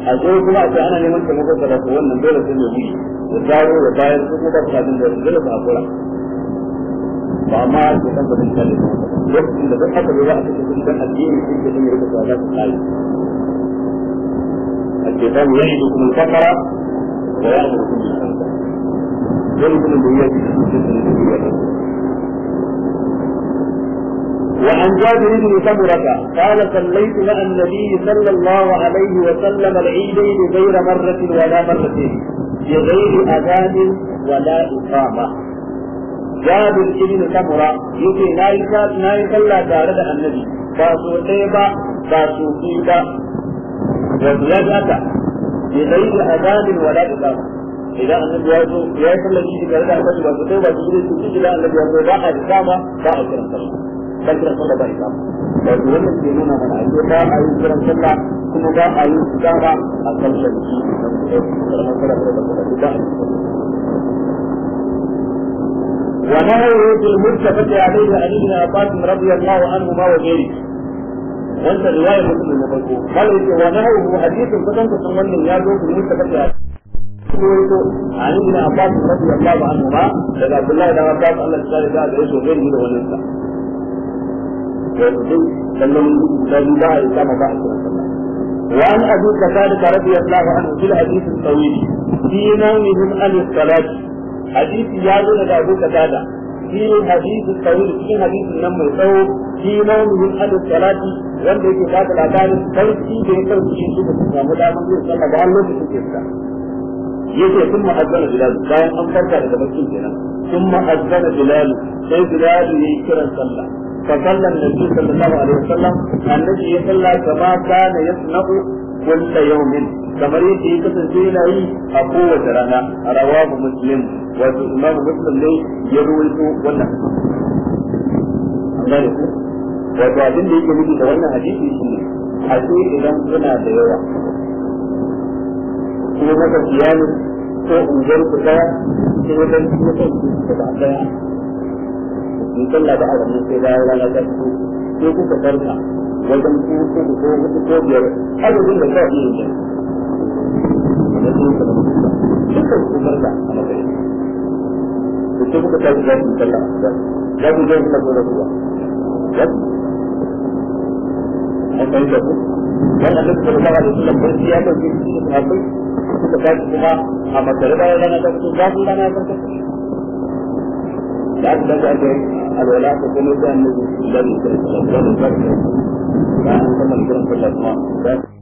a zo kuma a ce ana neman taimako da ba wannan dole sai mai yi da zaro da bayan su ko ba su kadin da dole su hakura ba ma ke san da mun kalle lokacin da duk aka zo za a kace kun dan addini kun ke dinga rubuta za su kai الشيطان يعدكم الفقر ويأمركم بالشر يعدكم الدنيا في الدنيا وعن جابر بن سمرة قال صليت مع النبي صلى الله عليه وسلم العيدين غير مرة ولا مرتين بغير أذان ولا إقامة جابر بن سمرة يقول لا نايكا لا تارد النبي فاسو تيبا فاسو تيبا وزيادة بغير أذان ولا إقامة إذا annabi ya zo ya yi النبي shi tare da annabi ba su kai ba su gudun su dan kiran sallah ba islam wato wannan ke nuna mana a ce ba a yi kiran sallah kuma ba a yi tsara a kan shanki ونهيه في المتفق عليه عن ابن عباس رضي الله عنهما وغيره وانت رواية مسلم النبي قال ونهيه حديث فتنة ثم يا في المتفق عليه ruwaito a yin da abbas radiyallahu anhu ma daga abdullahi da abbas Allah ya tsare da ya so gani da wannan sa wato duk sannan da ba a kama ba a kira sallah وعن ابي قتادة رضي الله عنه في الحديث الطويل في نومهم عن الصلاة حديث يالون ابو قتادة في الحديث الطويل في حديث النمو الثور في نومهم عن الصلاة وان بيكي ذات العبارة توسي بيكي يشوف السلام ودعم الله صلى الله عليه وسلم yake sun ma'azzana bilal bayan an farka daga bakin kenan sun ma'azzana bilal sai bilal ya yi kiran sallah فصلى النبي صلى الله عليه وسلم الذي يصلى كما كان يصنع كل يوم kamar يجي ya اي yana yi a kowace rana a rawahu muslim wato imamu abin da yake nufi da wannan hadisi shi ne a ce suna da yawa kuma maka kiyanin ko unguwar ku daya ko kuma kan ku daya yi sallah ba a sai bayan rana ta fito sai kuka farka wajen kuma ko ko hudu ko biyar adadin da ka iya yin dukkan su murna a matsayin da ke kuka tafi za su sallah za su zai sallah da ruwa an kai da ku wannan duk da Allah da sunan barci ya الولاء تكون الذي الذي